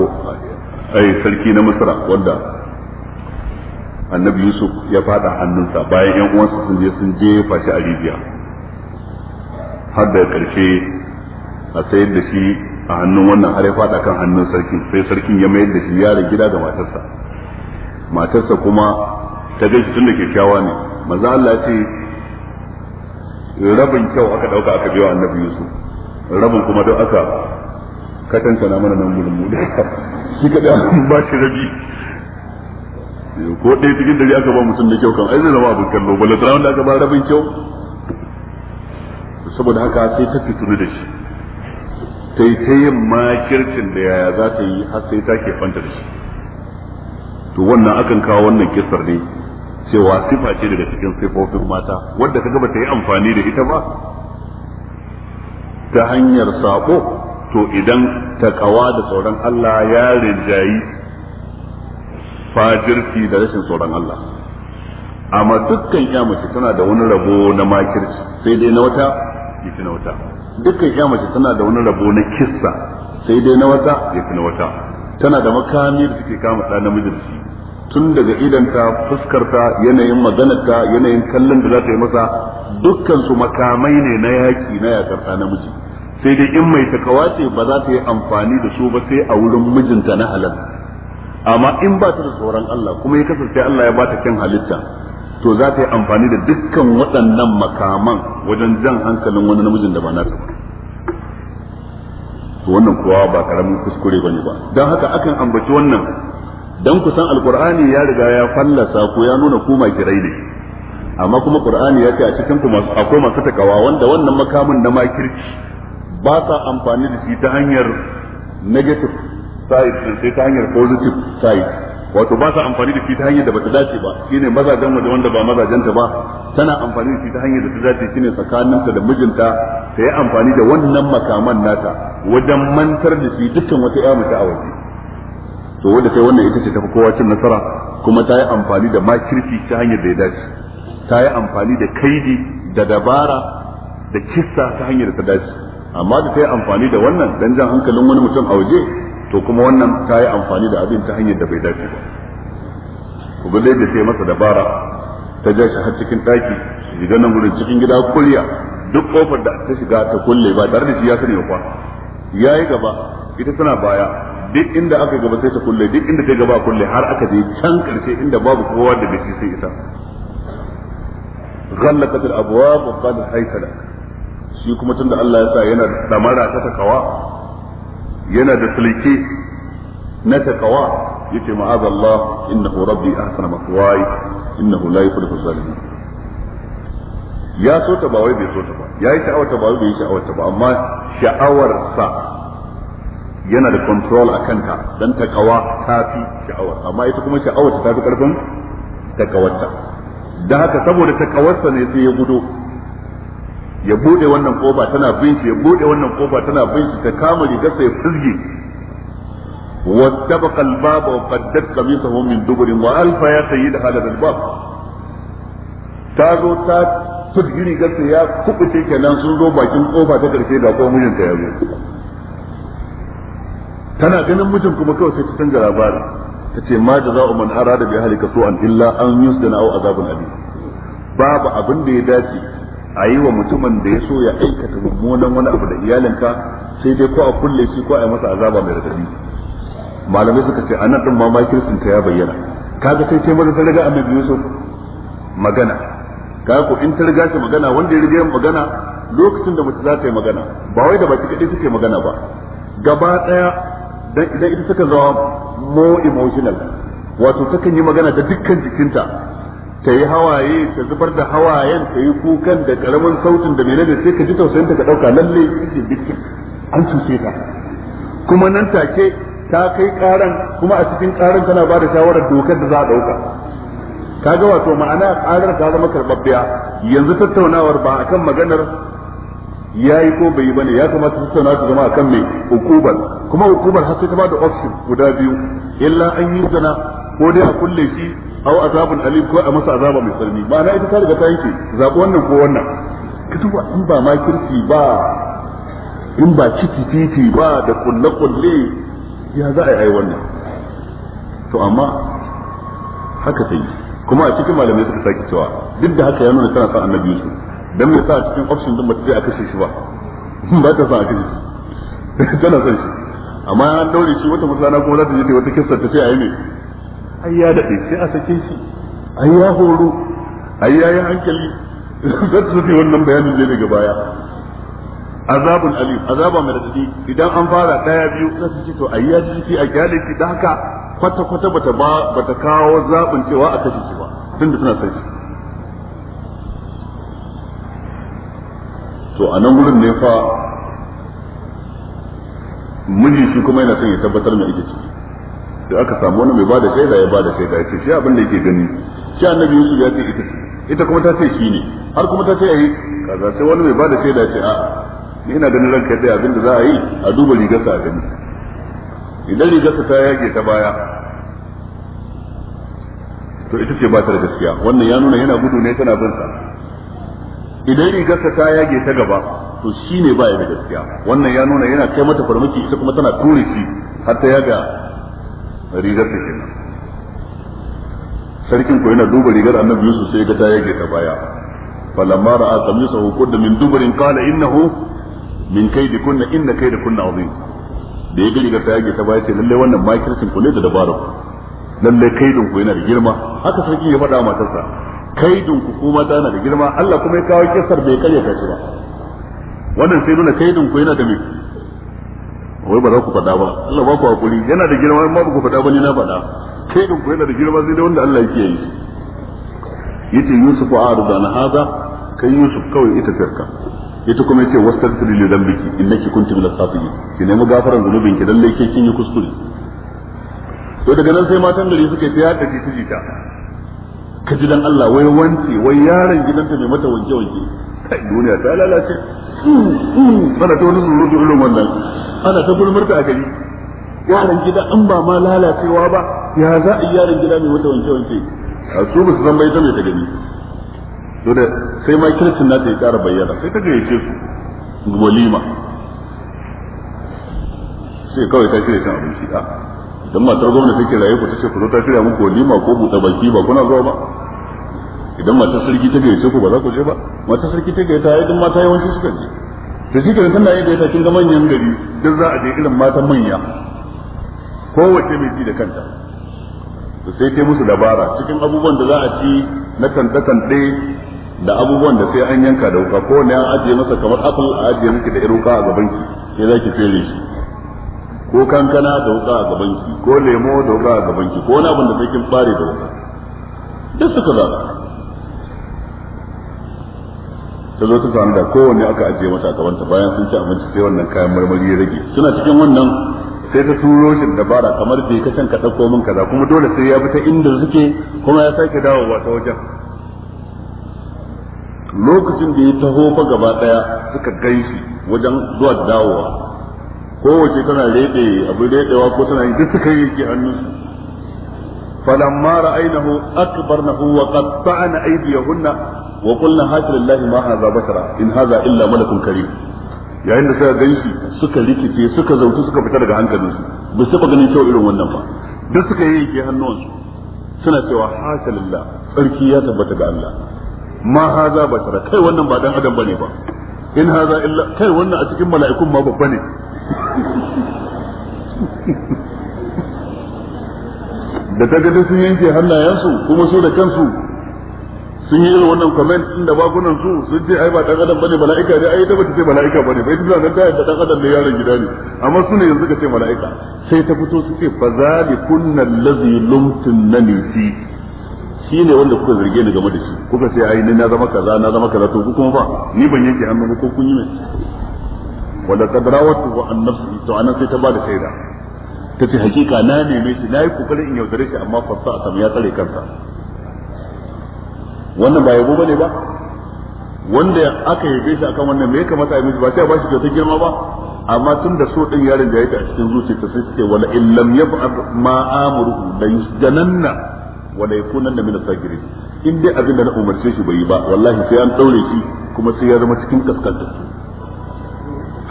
ai sarki na Misira wanda annabi yusuf ya fada hannunsa bayan yan uwansa sun je sun jefa shi a Libya har da ƙarshe a sayar da shi a hannun wannan har ya fada kan hannun sarkin sai sarkin ya mayar da shi yaron gida ga matarsa matarsa kuma ta gaji tun da kyakkyawa ne maza Allah ce rabin kyau aka dauka aka biya annabi yusuf rabin kuma don aka katanta na mana nan gurin mu shi kada an ba shi rabi eh, ko ɗaya cikin dare aka ba mutum da kyau kan ai zai zama abin kallo balla tara wanda aka ba rabin kyau saboda haka sai ta fitunu da shi ta yi ta yin makircin da yaya za ta yi har sai ta ke fanta da shi to wannan akan kawo wannan kisar ne cewa sifa ce daga cikin sifofin mata wadda ka gaba ta yi amfani da ita ba ta hanyar sako to idan ta kawa da tsoron Allah ya rinjayi fajirki da rashin tsoron Allah amma dukkan ya mace tana da wani rabo na makirci sai dai na wata yafi na wata dukkan ya mace tana da wani rabo na kissa sai dai na wata yafi na wata tana da makami da suke kama ɗa namijin tun daga idanta fuskarta yanayin maganarta yanayin kallon da za ta yi masa dukkan su makamai ne na yaki na yakar namiji sai dai in mai takawa ce ba za ta yi amfani da su ba sai a wurin mijinta na halal amma in ba ta da tsoron Allah kuma ya kasance Allah ya ba ta kyan halitta to za ta yi amfani da dukkan waɗannan makaman wajen jan hankalin wani namijin da ba na to wannan kuwa ba karamin kuskure ne ba don haka akan ambaci wannan dan ku san alqur'ani ya riga ya fallasa ku ya nuna ku kirai ne amma kuma qur'ani ya ce a cikin ku masu akwai masu takawa wanda wannan makamin na makirci ba sa amfani da shi ta hanyar negative side sai ta hanyar positive side wato ba sa amfani da shi ta hanyar da bata dace ba shine mazajen waje wanda ba mazajenta ba tana amfani da shi ta hanyar da ta dace shine tsakaninta da mijinta ta yi amfani da wannan makaman nata wajen mantar da shi dukkan wata ya mace a waje to wanda sai wannan ita ce tafi kowa cin nasara kuma ta yi amfani da makirci ta hanyar da ya dace ta yi amfani da kaidi da dabara da kissa ta hanyar da ta dace amma da ta yi amfani da wannan dan jan hankalin wani mutum a waje to kuma wannan ta yi amfani da abin ta hanyar da bai dace ba kuma dai da sai masa dabara ta ja shi har cikin daki shiga nan gurin cikin gida kulya duk kofar da ta shiga ta kulle ba tare da shi ya sani ba ya yi gaba ita tana baya duk inda aka gaba sai ta kulle duk inda ta gaba kulle har aka je can karshe inda babu kowa da gashi sai ita ghallaqat al-abwab wa qad haytala shi kuma tunda Allah ya sa yana da damara ta takawa yana da sulke na takawa yace ma'aza Allah innahu rabbi ahsana maqwai innahu la yuflihu zalimin ya so ta ba wai bai so ta ba yayi sha'awar ta ba wai bai sha'awar ta ba amma sha'awar sa yana da control a kanta dan kawa ta fi sha'awar, amma ita kuma sha'awar ta fi karfin takawarta dan haka saboda ta kawarta ne sai ya gudo ya bude wannan kofa tana bin shi ya bude wannan kofa tana bin shi ta kama rigar sai fizgi واستبق الباب وقدت قميصه من دبر والف يا سيد هذا الباب تازو تات sun zo bakin ƙofa ta سنزو ta قوبا da دا قوم ya zo. tana ganin mijin kuma kawai sai ta canza labari ta ce ma da za'u man arada bi ahlika su'an illa an yusdana aw azabun alim babu abin da ya dace a yi wa mutumin da ya so ya aikata mummunan wani abu da iyalinka sai dai ko a kulle shi ko a yi masa azaba mai radadi malamai suka ce anan din ma ta ya bayyana kaga sai ce mata ta riga annabi Yusuf magana kaga ko in ta riga shi magana wanda ya riga magana lokacin da mace za ta yi magana ba wai da baki kadai suke magana ba gaba ɗaya. dan idan ita suka zama more emotional wato takan yi magana da dukkan jikinta ta yi hawaye ta zubar da hawayen ta yi kukan da karamin sautin da menene sai ka ji ta ka dauka lalle ita dukki an cuce ta kuma nan take ta kai karan kuma a cikin karan tana ba da shawarar dokar da za a dauka kaga wato ma'ana karar ta zama karbabbiya yanzu tattaunawar ba akan maganar yayi ko bai yi bane ya kamata su tattauna su zama akan mai hukubar kuma hukubar har sai ta bada option guda biyu illa an yi zana ko dai a kulle shi aw azabun alim ko a masa azaba mai tsarni ma'ana ita ta riga ta yanke zabi wannan ko wannan kituwa in ba ma kirki ba in ba ciki titi ba da kulle kulle ya za a yi ai wannan to amma haka sai kuma a cikin malamai suka sake cewa duk da haka ya nuna tana son annabi Yusuf dan me sa a cikin option din mutum a kashe shi ba ba ta sa a kashe shi tana son shi amma an daure shi wata masana kuma za ta je wata kissa ta ce ayi ne ai ya dade sai a sake shi ai ya horo ai ya yi hankali za ta zuke wannan bayanin ne daga baya azabun ali azaba mai radadi idan an fara daya biyu za su ce to ai ya ji a kyale shi da haka kwata kwata bata ba bata kawo zabin cewa a kashe shi ba tunda tana son shi to a nan gudun ne fa miji shi kuma yana son ya tabbatar mai ake ciki da aka samu wani mai ba da shaida ya ba da shaida ya ce shi abin da yake gani shi annabi yusuf ya ce ita ce ita kuma ta ce shi ne har kuma ta ce yi, kaza sai wani mai ba da shaida ya ce a'a ni ina ganin ranka dai abin da za a yi a duba rigarsa a gani idan rigarsa ta yage ta baya to ita ce ba ta da gaskiya wannan ya nuna yana gudu ne tana bin sa idan rigarsa ta yage ta gaba to shi ne baya da gaskiya wannan ya nuna yana kai mata farmaki ita kuma tana ture shi har ta yaga rigarsa kenan sarkin ko yana duba rigar annabi Yusuf sai ga ta yage ta baya falamma ra'a qamisahu qudda min dubarin qala innahu min kunna inna kunna azim da ya ga rigar ta yage ta baya sai lalle wannan makircin ku ne da dabarar lalle kaidin ku yana da girma haka sarki ya faɗa matarsa kaidun ku kuma tana da girma Allah kuma ya kawo kisar bai kare ta ba wannan sai nuna kaidun ku yana da mai wai ba za ku faɗa ba Allah ba ku hakuri yana da girma in ba ku faɗa ba ni na faɗa kaidun ku yana da girma sai dai wanda Allah yake yi yace Yusuf arda na hada kai Yusuf kawai ita firka ita kuma yace wastaghfir li dambiki innaki kunti min as-safiyin ki nemi gafaran zunubin ki lalle ke kin yi kuskure to daga nan sai matan gari suka yi ta yaɗa jita jita ka ji dan Allah wai wance wai yaron gidanta mai mata wanke wanke kai duniya ta lalace bana ta wani surutu irin wannan ana ta gulmar ta a gari yaron gida an ba ma lalacewa ba ya za a yi yaron gida mai mata wanke wanke a su ba su san bai ta mai ta gani to da sai ma kirkin nata ya kara bayyana sai ta gayyace su walima sai kawai ta shirya cin abinci a ah, don matar gwamna take raye ku tace ku zo ta shirya muku walima ko buɗe baki ba kuna zuwa ba idan matar sarki ta gayyace ku ba za ku je ba matar sarki ta gayyata ai duk mata yawanci suka je to shi kenan tana yin gayyata kin ga manyan gari duk za a je irin matan manya kowace mai ji da kanta to sai ta musu dabara cikin abubuwan da za a ci na kanta-kanta da abubuwan da sai an yanka da wuka ne an ajiye masa kamar apple a ajiye miki da iruka a gaban ki sai za ki fere shi ko kankana da wuka a gaban ki ko lemo da wuka a gaban ki ko wani abin da sai kin fare da wuka duk suka zaba ta zo ta samu da kowanne aka ajiye mata a gabanta bayan sun ci abinci sai wannan kayan marmari ya rage suna cikin wannan sai ta turo shi dabara kamar bai ka can ka ɗauko min kaza kuma dole sai ya bi ta inda suke kuma ya sake dawowa ta wajen lokacin da ya taho fa gaba daya suka gaishi wajen zuwa dawowa kowace tana rede abu redewa ko tana yin duk suka yake hannunsu falamma ra'aynahu akbarnahu wa qatta'na aydiyahunna wa qulna hasha lillahi ma hadha bashara in hadha illa malakun karim yayin da suka ganshi suka rikice suka zautu suka fita daga hankalinsu ba su ba ganin kyau irin wannan ba duk suka yake hannunsu suna cewa hasha lillah tsarki ya tabbata ga Allah ma hadha bashara kai wannan ba dan adam bane ba in illa kai wannan a cikin mala'ikun ma ne da ta gada sun yanke hannayensu kuma su da kansu sun yi irin wannan comment din da bakunan su sun ce ai ba dan adam bane mala'ika ne ai da bata ce mala'ika bane bai tuna nan da dan adam ne yaron gida ne amma su ne yanzu ka ce mala'ika sai ta fito su ce fa zalikunna allazi lumtunani fi shine ne wanda kuka zarge ni game da shi kuka ce ai na zama kaza na zama kaza to ku kuma ba ni ban yanke hannu ko kun yi mai wanda laqad rawatuhu an nafsi to anan sai ta bada kaida tace hakika na neme shi nayi kokarin in yaudare shi amma fassa a sam ya tsare kansa wannan ba yabo bane ba wanda aka yabe shi akan wannan me kamata a miji ba sai a bashi kyautar girma ba amma tun da so din yaron da yake a cikin zuciyarsa sai suke wala in lam yaf'al ma amruhu la yusjananna wa la yakunanna min as-sagirin in dai abin da na umarce shi bai yi ba wallahi sai an daure shi kuma sai ya zama cikin kaskantattu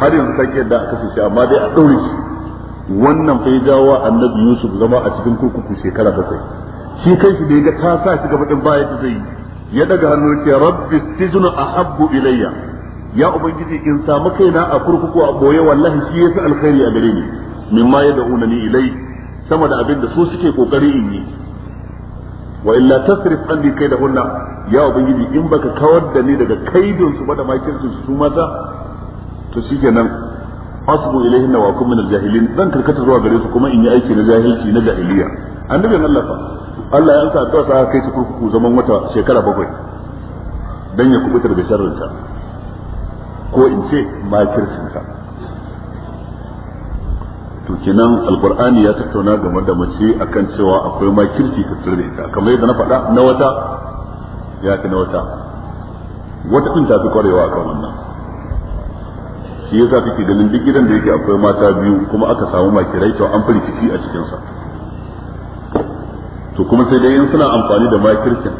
har yanzu ta ke da aka shi amma dai a ɗaure shi wannan fa ya jawo annabi yusuf zama a cikin kurkuku shekara bakwai shi kai shi da ya ga ta sa shi gaba ɗin baya da zai ya daga hannu ke rabbi a ahabbu ilayya ya ubangiji in samu kaina a kurkuku a boye wallahi shi yafi alkhairi a gare ni mimma ya da ni ilai sama da abin da su suke kokari in yi wa illa tasrif anni hunna. ya ubangiji in baka kawar da ni daga kaidun su ba da makin su su mata to shikenan asbu ilaihin wa kum min al-jahilin zan karkata zuwa gare su kuma in yi aiki na jahilci na jahiliya annabi Allah fa Allah ya sa ta sa kai ta kurkuku zaman wata shekara bakwai dan ya kubutar da sharrinta ko in ce makircinta to kenan alqur'ani ya tattauna game da mace akan cewa akwai makirci tattare da ita kamar yadda na faɗa na wata ya ta na wata wata din ta fi kwarewa a kan wannan shi yasa kake ganin duk gidan da yake akwai mata biyu kuma aka samu makirai to an furke shi a cikin sa to kuma sai dai in suna amfani da makirkin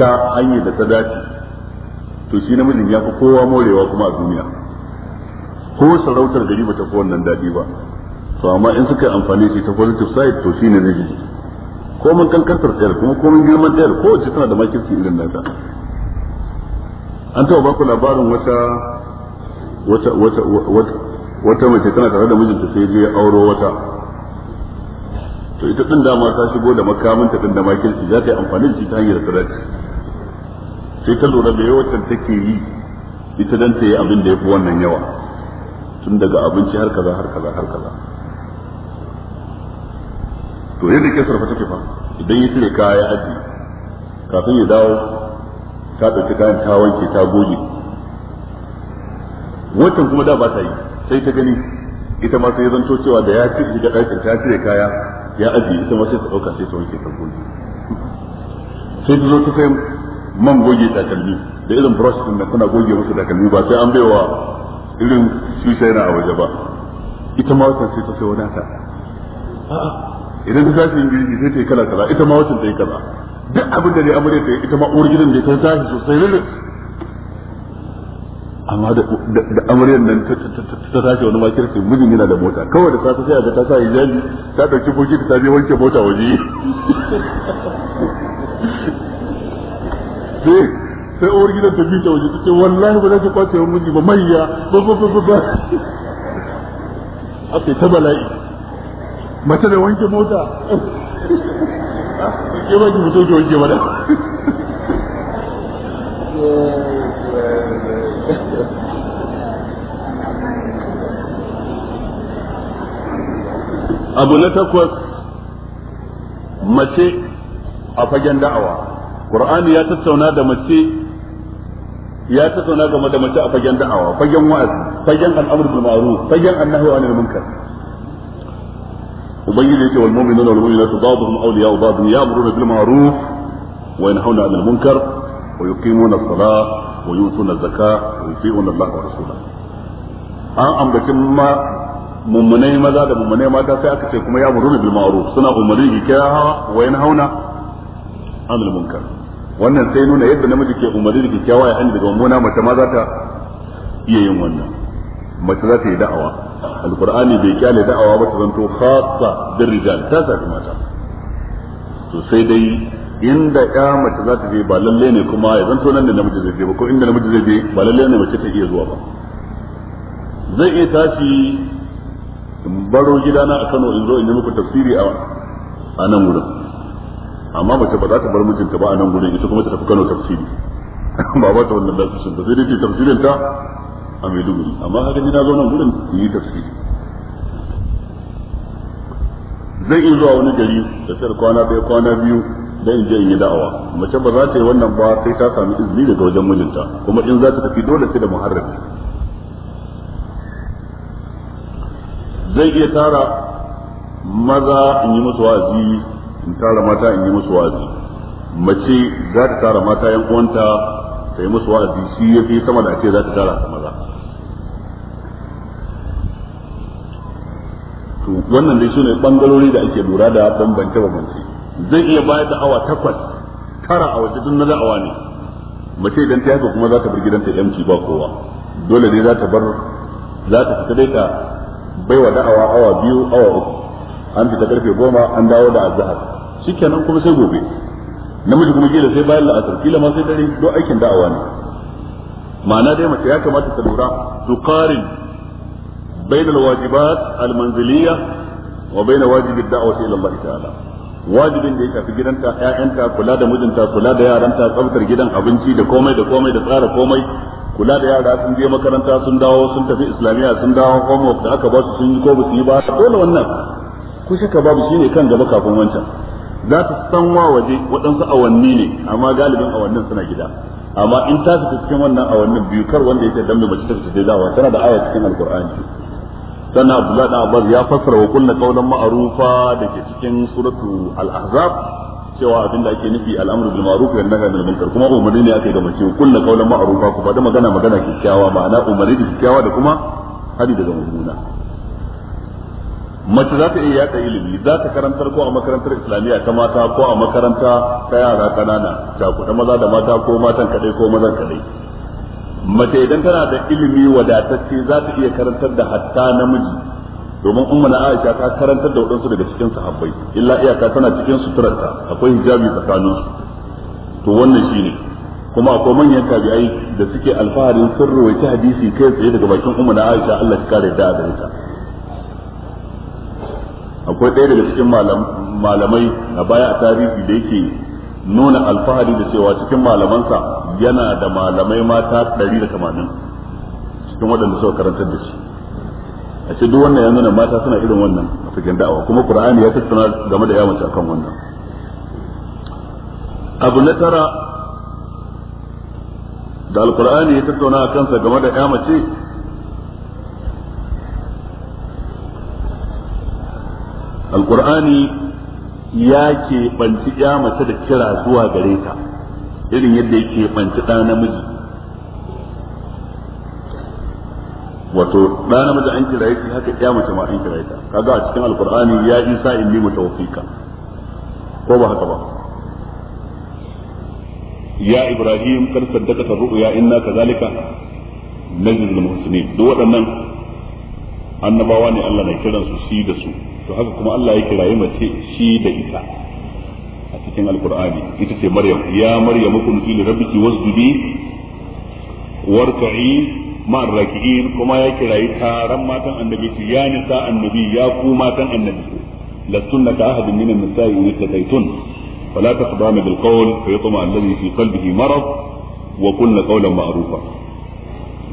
ta hanyar da ta dace to shi namijin ya fi kowa morewa kuma a duniya ko sarautar gari bata fi wannan daɗi ba to amma in suka amfani shi ta positive side to shi ne ji ko mun kankantar tsayar kuma ko mun girman tsayar ko wace tana da makirci irin nata an taɓa baku labarin wata wata wata wata mace tana tare da mijinta sai je auro wata to ita din dama ta shigo da makamanta din da makirci za ta yi amfani da shi ta hanyar sadaki sai ta lura da yawancin take yi ita dan ta yi abin da ya fi wannan yawa tun daga abinci har kaza har kaza har kaza to yadda ke sarfa take fa idan ya cire kaya aji kafin ya dawo ta ɗauki kayan ta wanke ta goge wancan kuma da ba ta yi sai ta gani ita ma sai zanto cewa da ya ci shiga ɗakin ta cire kaya ya aji ita ma sai ta ɗauka sai ta wanke ta goge sai ta zo ta kai man goge takalmi da irin brush din nan tana goge musu takalmi ba sai an baiwa irin shushe na a waje ba ita ma wancan sai ta sai haka idan ta tashi yin girki sai ta yi kala kaza ita ma wancan ta yi kaza duk abin da ne amurai ta yi ita ma uwar gidan da ta tashi sosai rilis amma da amaryar nan ta tashi wani makirar makirci mijin yana da mota kawai da safe sai a ga ta sa hijabi ta dauki boki ta je wanke mota waje sai sai uwar gidan ta bi ta waje ta ce wallahi ba za ta kwace wa miji ba mayya ba ba ba ba ba aka ta bala'i mace da wanke mota ke ba ki fito ki wanke mana abu na takwas mace a fagen da'awa qur'ani ya tattauna da mace ya tattauna game da mace a fagen da'awa fagen wa'azi fagen al'amr bil ma'ruf fagen annahi anil munkar ubangiji yake wal mu'minuna wal mu'minatu ba'dhum awliya'u ba'd ya'muruna bil ma'ruf wa yanhauna 'anil munkar wa yuqimuna as-salata wa yu'tuna az-zakata wa yuti'una Allah wa rasulahu an ambaci ma mummunai maza da mummunai mata sai aka ce kuma ya muruna bil ma'ruf suna umarni ki hawa wa hauna anil munkar wannan sai nuna yadda namiji ke umarni da kyakkyawa ya hanya daga mummuna mace ma za ta iya yin wannan mace za ta yi da'awa alqur'ani bai kyale da'awa ba ta zanto khassa bir rijal ta zafi mata to sai dai inda ya mace za ta je ba lalle ne kuma ya zanto nan da namiji zai je ba ko inda namiji zai je ba lalle ne mace ta iya zuwa ba zai iya tashi in baro gidana a Kano in zo in yi muku tafsiri a nan gurin amma mace ba za ta bar mijinta ba a nan gurin ita kuma ta tafi Kano tafsiri ba ba ta wannan lafishin ba sai dai ce tafsirin ta a Maiduguri amma haka ni na zo nan gurin in yi tafsiri zai zo a wani gari tsar kwana ɗaya kwana biyu dan je in yi da'awa mace ba za ta yi wannan ba sai ta sami izini daga wajen mijinta kuma in za ta tafi dole sai da muharrabi zai iya tara maza in yi musu wa'azi in tara mata in yi musu wa'azi mace za ta tara mata yan uwanta ta yi musu wa'azi shi ya fi sama da ake za ta tara ta maza to wannan dai sune bangarori da ake lura da bambance bambance zai iya bayar da awa takwas tara a waje dun na za'awa ne mace idan ta haka kuma za ta bar gidanta yanci ba kowa dole ne za ta bar za ta fita dai ta bai wa da'awa awa biyu awa uku an fita karfe goma an dawo da azhar shikenan kuma sai gobe namiji kuma kila sai bayan la'asar kila ma sai dare don aikin da'awa ne ma'ana dai mace ya kamata ta lura tuqarin bain alwajibat almanziliya wa bain wajib dawati ila Allah ta'ala wajibin da ya shafi gidanta ƴaƴanta kula da mijinta kula da yaranta tsaftar gidan abinci da komai da komai da tsara komai kula da yara sun je makaranta sun dawo sun tafi islamiyya sun dawo homework da aka ba su sun yi ko ba su yi ba dole wannan ku shaka babu shine kan gaba kafin wancan za ta san wa waje waɗansu awanni ne amma galibin awannin suna gida amma in ta fita cikin wannan awannin biyu kar wanda yake dan mai mace ta fita sai dawa tana da aya cikin alqur'ani sannan abdullahi dan abbas ya fassara wa kullu qawlan ma'rufa dake cikin suratu al-ahzab cewa abin da ake nufi al'amuru bil ma'ruf wa nahyi anil munkar kuma umarni ne ake ga mace kullu qawlan ma'rufa ku faɗi magana magana kikkiawa ma'ana umarni da kikkiawa da kuma hadi daga mummuna mace za ta iya yaɗa ilimi za ta karantar ko a makarantar islamiyya ta mata ko a makaranta ta yara kanana ta kuɗa maza da mata ko matan kaɗai ko mazan kaɗai mace idan tana da ilimi wadatacce za ta iya karantar da hatta namiji domin umma na Aisha ta karantar da waɗansu daga cikin sahabbai illa iyaka tana cikin suturarta akwai hijabi tsakanin su to wannan shine kuma akwai manyan tabi'ai da suke alfaharin sun rawaita hadisi kai tsaye daga bakin umma na Aisha Allah ya kare da gare akwai ɗaya daga cikin malamai a baya a tarihi da yake nuna alfahari da cewa cikin malamansa yana da malamai mata 180 cikin waɗanda suka karantar da shi a ce duk wannan ya nuna mata suna irin wannan a cikin da'awa kuma qur'ani ya tattauna game da ya mace akan wannan abu na tara da alqur'ani ya tattauna a kansa game da ya mace alqur'ani ya ke banci ya mace da kira zuwa gare ta irin yadda yake banci ɗa namiji wato da namiji an kiraye shi haka ya mace ma an kiraye ta kaga a cikin alqur'ani ya isa inni mutawaffika ko ba haka ba ya ibrahim kar saddaka ru'ya inna kazalika najzul muhsinin duk waɗannan annabawa ne Allah na kiran su shi da su to haka kuma Allah ya kiraye mace shi da ita a cikin alqur'ani ita ce maryam ya maryam kunti li rabbiki wasjudi warka'i ma'ar raki'in kuma ya kirayi taron matan annabi su ya nisa annabi ya ku matan annabi su na ka ahadin min an-nisa'i in ittaqaytun fala taqdama bil qawl fa yatma alladhi fi qalbihi marad wa kunna qawlan ma'arufa.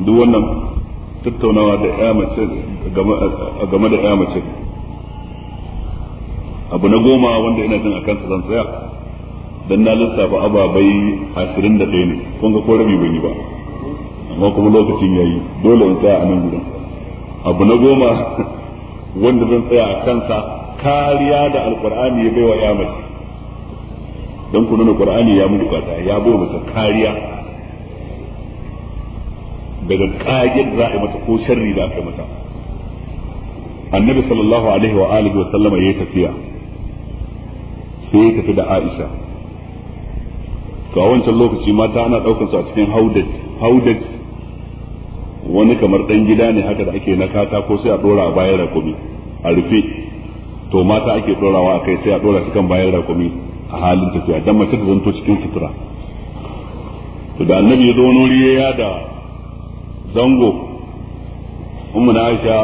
duk wannan tattaunawa da ya mace game da ya mace abu na goma wanda ina jin a sa zan tsaya dan na lissafa ababai 21 ne kun ga ko rabi bai yi ba amma kuma lokacin ya yi dole in tsaya a nan gudun abu na goma wanda zan tsaya a kansa kariya da alkur'ani ya baiwa ya mace don kuma na qur'ani ya mu bukata ya bai mata kariya daga kagen za a mata ko sharri da aka mata annabi sallallahu alaihi wa alihi wa sallama yayi tafiya sai ya tafi da Aisha to a wancan lokaci mata ana daukar su a cikin haudat haudat wani kamar dan gida ne haka da ake na katako sai a dora bayan rakumi a rufe to mata ake dorawa a kai sai a dora su kan bayan rakumi a halin tafiya dan mace ta zanto cikin sutura to da annabi ya zo wani ya da zango ummu na aisha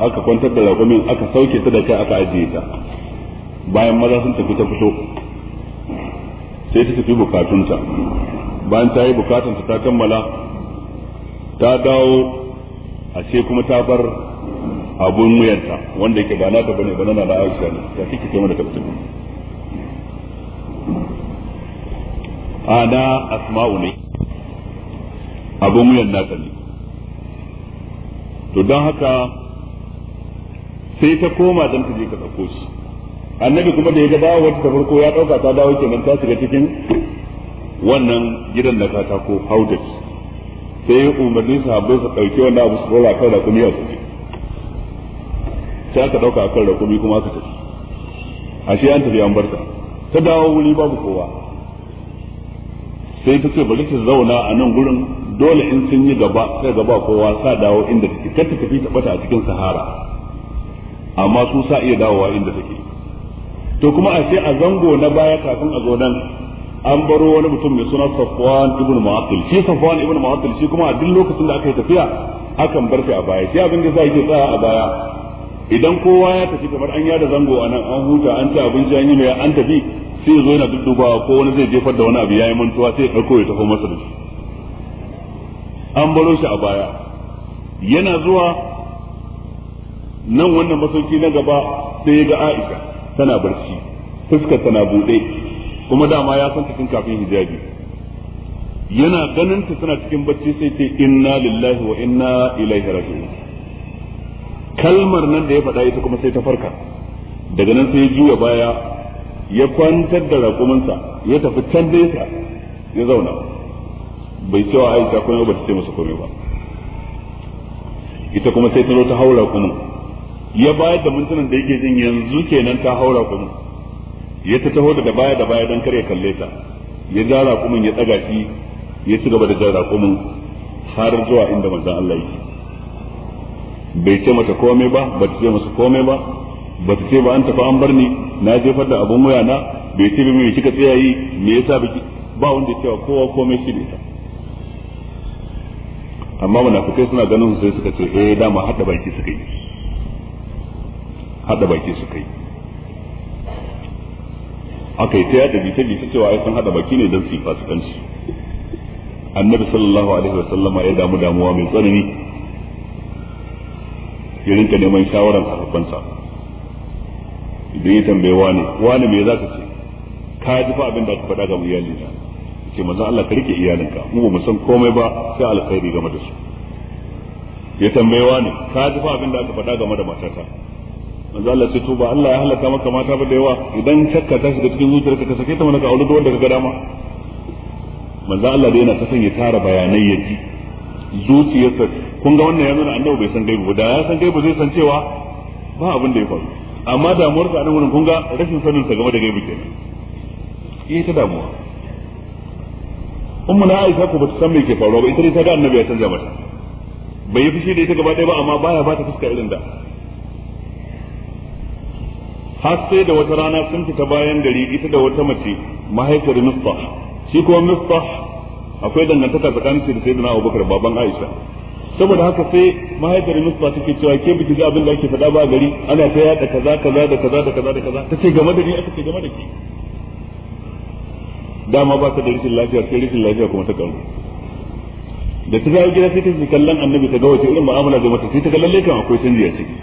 aka kwantar da rakumin aka sauke ta da kai aka ajiye ta bayan maza sun tafi ta fito sai ta tafi bukatunta bayan ta yi bukatunta ta kammala ta dawo ce kuma ta bar abun wuyanta wanda yake ba nata bane ba na da Aisha ne ta kike kai mana tabbata ana asma'u ne abun wuyan nata ne to don haka sai ta koma don ta je ka dauko shi annabi kuma da ya ga dawo wata farko ya ɗauka ta dawo kenan ta shiga cikin wannan gidan da ko haudaki sai ya umarni sahabbai su ɗauki wanda abu su rora kan rakumi a kuɗi sai aka ɗauka a kan rakumi kuma aka tafi ashe an tafi an barta ta dawo wuri babu kowa sai ta ce bari ta zauna a nan gurin dole in sun yi gaba sai gaba kowa sa dawo inda take kar ta tafi ta bata a cikin sahara amma su sa iya dawowa inda take to kuma ashe a zango na baya kafin a zo nan an baro wani mutum mai suna Safwan ibn Mu'attil shi Safwan ibn Mu'attil shi kuma a duk lokacin da aka yi tafiya akan bar shi a baya shi abin da zai yi tsaya a baya idan kowa ya tafi kamar an yada zango anan an huta an ci abinci an yi mai an tafi sai zo yana duddubawa ko wani zai jefar da wani abu yayi mantuwa sai ya dauko ya tafi masa da shi an baro shi a baya yana zuwa nan wannan masauki na gaba sai ya ga Aisha tana barci fuskar tana buɗe. kuma dama ya san cikin kafin hijabi yana ganin ta suna cikin bacci sai ce inna lillahi wa inna ilaihi raji'un kalmar nan da ya faɗa ita kuma sai ta farka daga nan sai ya juya baya ya kwantar da rakumansa ya tafi can da ya zauna bai cewa aisha kuma ba ta ce masa komai ba ita kuma sai ta zo ta haura kuma ya bayar da mintunan da yake jin yanzu kenan ta haura kuma ya ta taho da baya da baya don kare kalle ta ya ja raƙumin ya tsaga shi ya ci gaba da jara raƙumin har zuwa inda manzon Allah yake bai ce mata komai ba ba ta ce masa komai ba ba ta ce ba an tafi an bar ni na jefar da abun waya na bai ce me kika tsayayi me yasa biki ba wanda ya cewa kowa komai shi ne ta amma munafikai suna ganin sai suka ce eh dama hada baki suka yi hada baki suka yi aka yi ta yada jita-jita cewa ai sun hada baki ne don su yi fasikanci annabi sallallahu alaihi wasallama ya damu damuwa mai tsanani ya rinka neman shawaran sahabbansa idan ya tambaye wani wani me za ka ce ka ji fa abin da aka faɗa ga na? ce mazan Allah ka rike iyalinka mu ba mu san komai ba sai alkhairi game da su ya tambaye wani ka ji fa abin da aka faɗa game da matata manzo Allah ce tuba Allah ya halaka maka mata ba da yawa idan shakka ta shiga cikin zuciyarka ka sake ta mana ka aure da wanda ka ga dama manzo Allah dai yana ta sanya tara bayanai ya ji zuciyarsa kun ga wannan ya nuna annabi bai san gaibu da ya san gaibu zai san cewa ba abin da ya faru amma damuwar sa a nan kun ga rashin sanin sa game da gaibu kenan yi eh ta damuwa umma na Aisha ko bata san me ke faruwa ba ita ne ta ga annabi ya canza mata bai yi fushi da ita gaba ɗaya ba amma baya ba ta fuska irin da har sai da wata rana sun fita bayan gari ita da wata mace mahaifiyar mistah shi kuma mistah akwai dangantaka tsakanin shi da sayyidina abubakar baban aisha saboda haka sai mahaifiyar ta take cewa ke biki ga abin da ake faɗa ba gari ana ta yada kaza kaza da kaza da kaza da kaza tace game da ni aka ce game da ki dama ba ta da rikin lafiya sai rikin lafiya kuma ta karu da ta dawo gida sai ta kallon annabi ta ga wace irin ma'amala da mata sai ta ga lalle kan akwai canji a ciki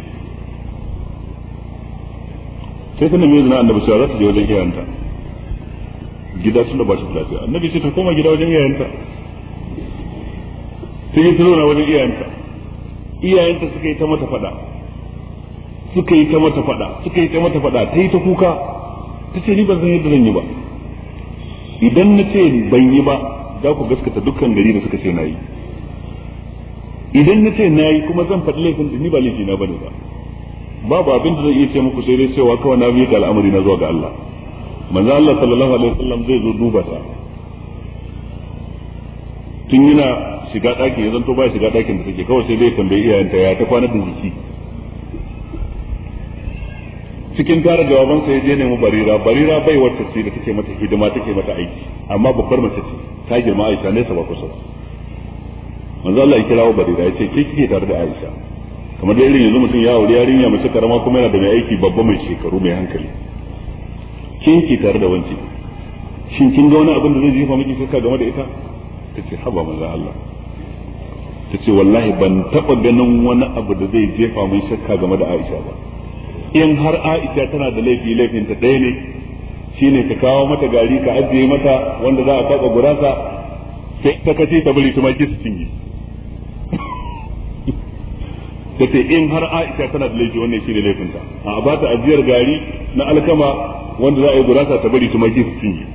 sai kuma mai zina annabi cewa za ta je wajen iyayenta gida sun da ba shi da lafiya annabi sai ta koma gida wajen iyayenta sai ya zauna wajen iyayenta iyayenta suka yi ta mata fada suka yi ta mata fada suka yi ta mata fada ta yi ta kuka ta ce ni ban san yadda zan yi ba idan na ce ban yi ba za ku gaskata dukkan gari da suka ce na yi idan na ce na yi kuma zan faɗi laifin ni ba laifi na bane ba babu abin da zai iya ce muku sai dai cewa kawai na miƙa al'amari na zuwa ga Allah manzo Allah sallallahu alaihi wasallam zai zo duba ta tun yana shiga ɗakin ya zanto ba shiga ɗakin da take kawai sai dai tambayi iyayenta ya ta kwana da jiki cikin tara jawaban sai je nemi barira barira bai wata ce da take mata hidima take mata aiki amma babbar mace ce ta girma Aisha ne sa ba kusa manzo Allah ya kirawo barira ya ce ke kike tare da Aisha kamar da irin yanzu mutum ya aure yarinya mace karama kuma yana da mai aiki babba mai shekaru mai hankali kin ki tare da wanci shin kin ga wani abin da zai jefa miki shakka game da ita ta ce haba manzo Allah ta ce wallahi ban taba ganin wani abu da zai jefa min shakka game da Aisha ba in har Aisha tana da laifi laifin ta ɗaya ne shine ka kawo mata gari ka ajiye mata wanda za a kaɗa gurasa sai ta kace ta bari tumaki su cinye tace in har Aisha tana da laifi wannan shine ta a ba ta ajiyar gari na alkama wanda za a yi gurasa ta bari tumaki su cinye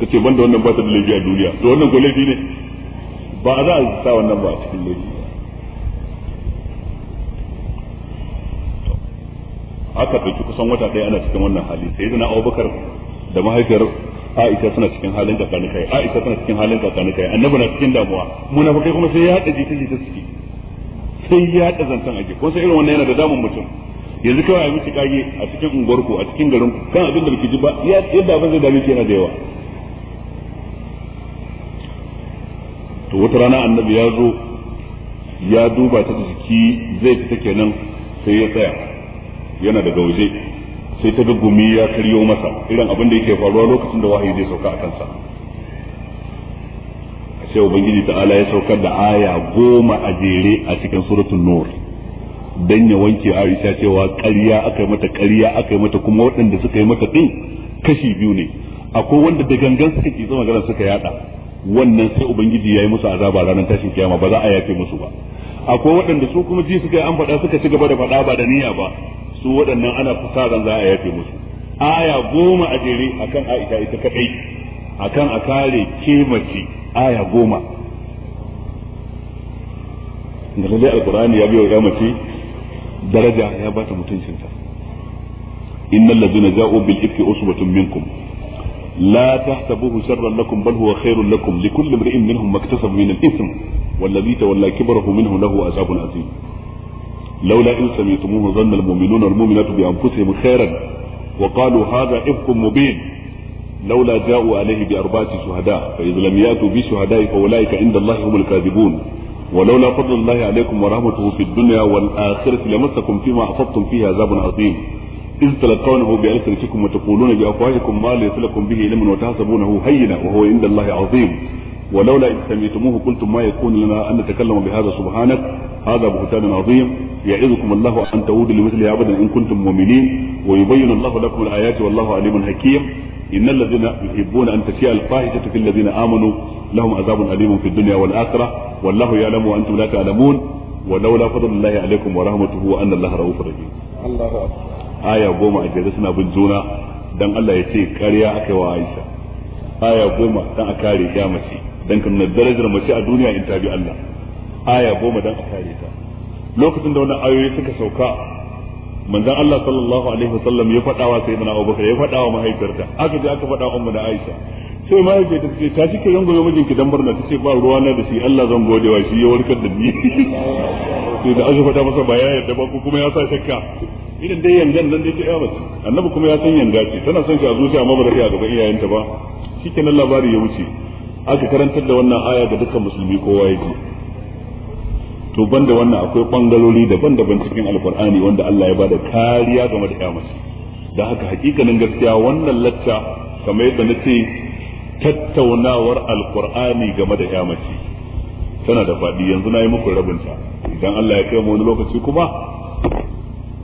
tace banda wannan ba ta da laifi a duniya to wannan ko laifi ne ba za a sa wannan ba a cikin laifi aka ɗauki kusan wata ɗaya ana cikin wannan hali sai da na abubakar da mahaifiyar Aisha suna cikin halin ka kai Aisha suna cikin halin ka kai annabi na cikin damuwa munafikai kuma sai ya haɗa jita jita suke sai ya da zantan ake kun san irin wannan yana da damun mutum yanzu kawai a miki kage a cikin unguwarku a cikin garin kan abin da kike ji ba yadda abin zai dame ki yana da yawa to wata rana annabi ya zo ya duba ta jiki zai fita kenan sai ya tsaya yana da gauje sai ta ga gumi ya karyo masa irin abin da yake faruwa lokacin da wahayi zai sauka a kansa sai ubangiji ta'ala ya saukar da aya goma a jere a cikin suratul nur dan ya wanke Aisha cewa ƙarya aka yi mata ƙarya aka yi mata kuma waɗanda suka yi mata din kashi biyu ne akwai wanda da gangan suka zama magana suka yada wannan sai ubangiji ya yi musu azaba ranar tashin kiyama ba za a yafe musu ba akwai waɗanda su kuma ji suka yi an faɗa suka ci gaba da faɗa ba da niyya ba su waɗannan ana fasa ran za a yafe musu aya goma a jere akan Aisha ita kadai akan a kare ke mace آية goma da lalle alkur'ani ya biyo ya mace daraja ya bata mutuncinta innal ladina ja'u bil ifki لا تحسبوه شرا لكم بل هو خير لكم لكل امرئ منهم ما اكتسب من الاثم والذي تولى كبره منه له عذاب عظيم لولا ان سمعتموه ظن المؤمنون والمؤمنات بانفسهم خيرا وقالوا هذا افك مبين لولا جاءوا عليه بأربعة شهداء فإذا لم يأتوا بشهداء فأولئك عند الله هم الكاذبون ولولا فضل الله عليكم ورحمته في الدنيا والآخرة لمسكم فيما أصبتم فيه عذاب عظيم إذ تلقونه بألسنتكم وتقولون بأفواهكم ما ليس لكم به علم وتحسبونه هينا وهو عند الله عظيم ولولا إذ سمعتموه قلتم ما يكون لنا أن نتكلم بهذا سبحانك هذا بهتان عظيم يعظكم الله أن تعودوا لمثله أبدا إن كنتم مؤمنين ويبين الله لكم الآيات والله عليم حكيم innal ladzina yuhibbuna an tafi al fahishatu fil amanu lahum azabun alimun fid dunya wal akhirah wallahu ya'lamu wa ولولا فضل الله عليكم ورحمته وان الله رؤوف رحيم الله اكبر aya goma a jere suna bin juna dan Allah ya ce ƙarya aka wa Aisha aya goma dan a kare ya mace dan kan darajar mace a duniya in tabi Allah goma dan a lokacin da wannan ayoyi suka sauka manzon Allah sallallahu alaihi wasallam ya faɗa wa sayyidina Abu Bakar ya faɗa wa mahaifiyarta aka je aka faɗa ummu da Aisha sai mahaifiyarta ta ce ta shi ke zan goyo mijinki dan barna ta ce ba ruwa na da shi Allah zan gode wa shi ya warkar da ni sai da aka faɗa masa ba ya yarda ba ko kuma ya sa shakka idan dai yangan nan dai ke ta yaro annabi kuma ya san yanga ce tana son shi a zuciya amma ba da ya gaba iyayenta ba shikenan labari ya wuce aka karantar da wannan aya ga dukkan musulmi kowa yake to banda wannan akwai bangalori daban-daban cikin alkur'ani wanda Allah ya bada kariya game da mace da haka hakikanin gaskiya wannan latta kamar yadda nace tattaunawar alkur'ani game da mace tana da faɗi yanzu na yi muku rabinta idan Allah ya kai mu wani lokaci kuma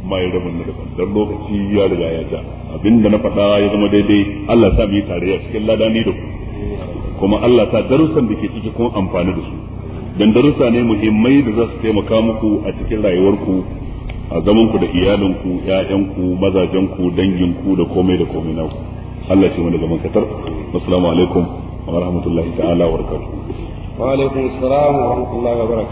ma rabin na daban dan lokaci ya riga ya ja abinda na faɗa ya zama daidai Allah sa mu yi a cikin ladani da ku kuma Allah sa darussan da ke ciki kuma amfani da su dan darussa ne muhimmai da za su taimaka muku a cikin rayuwarku a zaman ku da iyalinku ƴaƴanku mazajenku danginku da komai da komai naku Allah shi mana zaman katar assalamu alaikum wa rahmatullahi ta'ala wa barakatuh wa alaikum assalam wa rahmatullahi wa barakatuh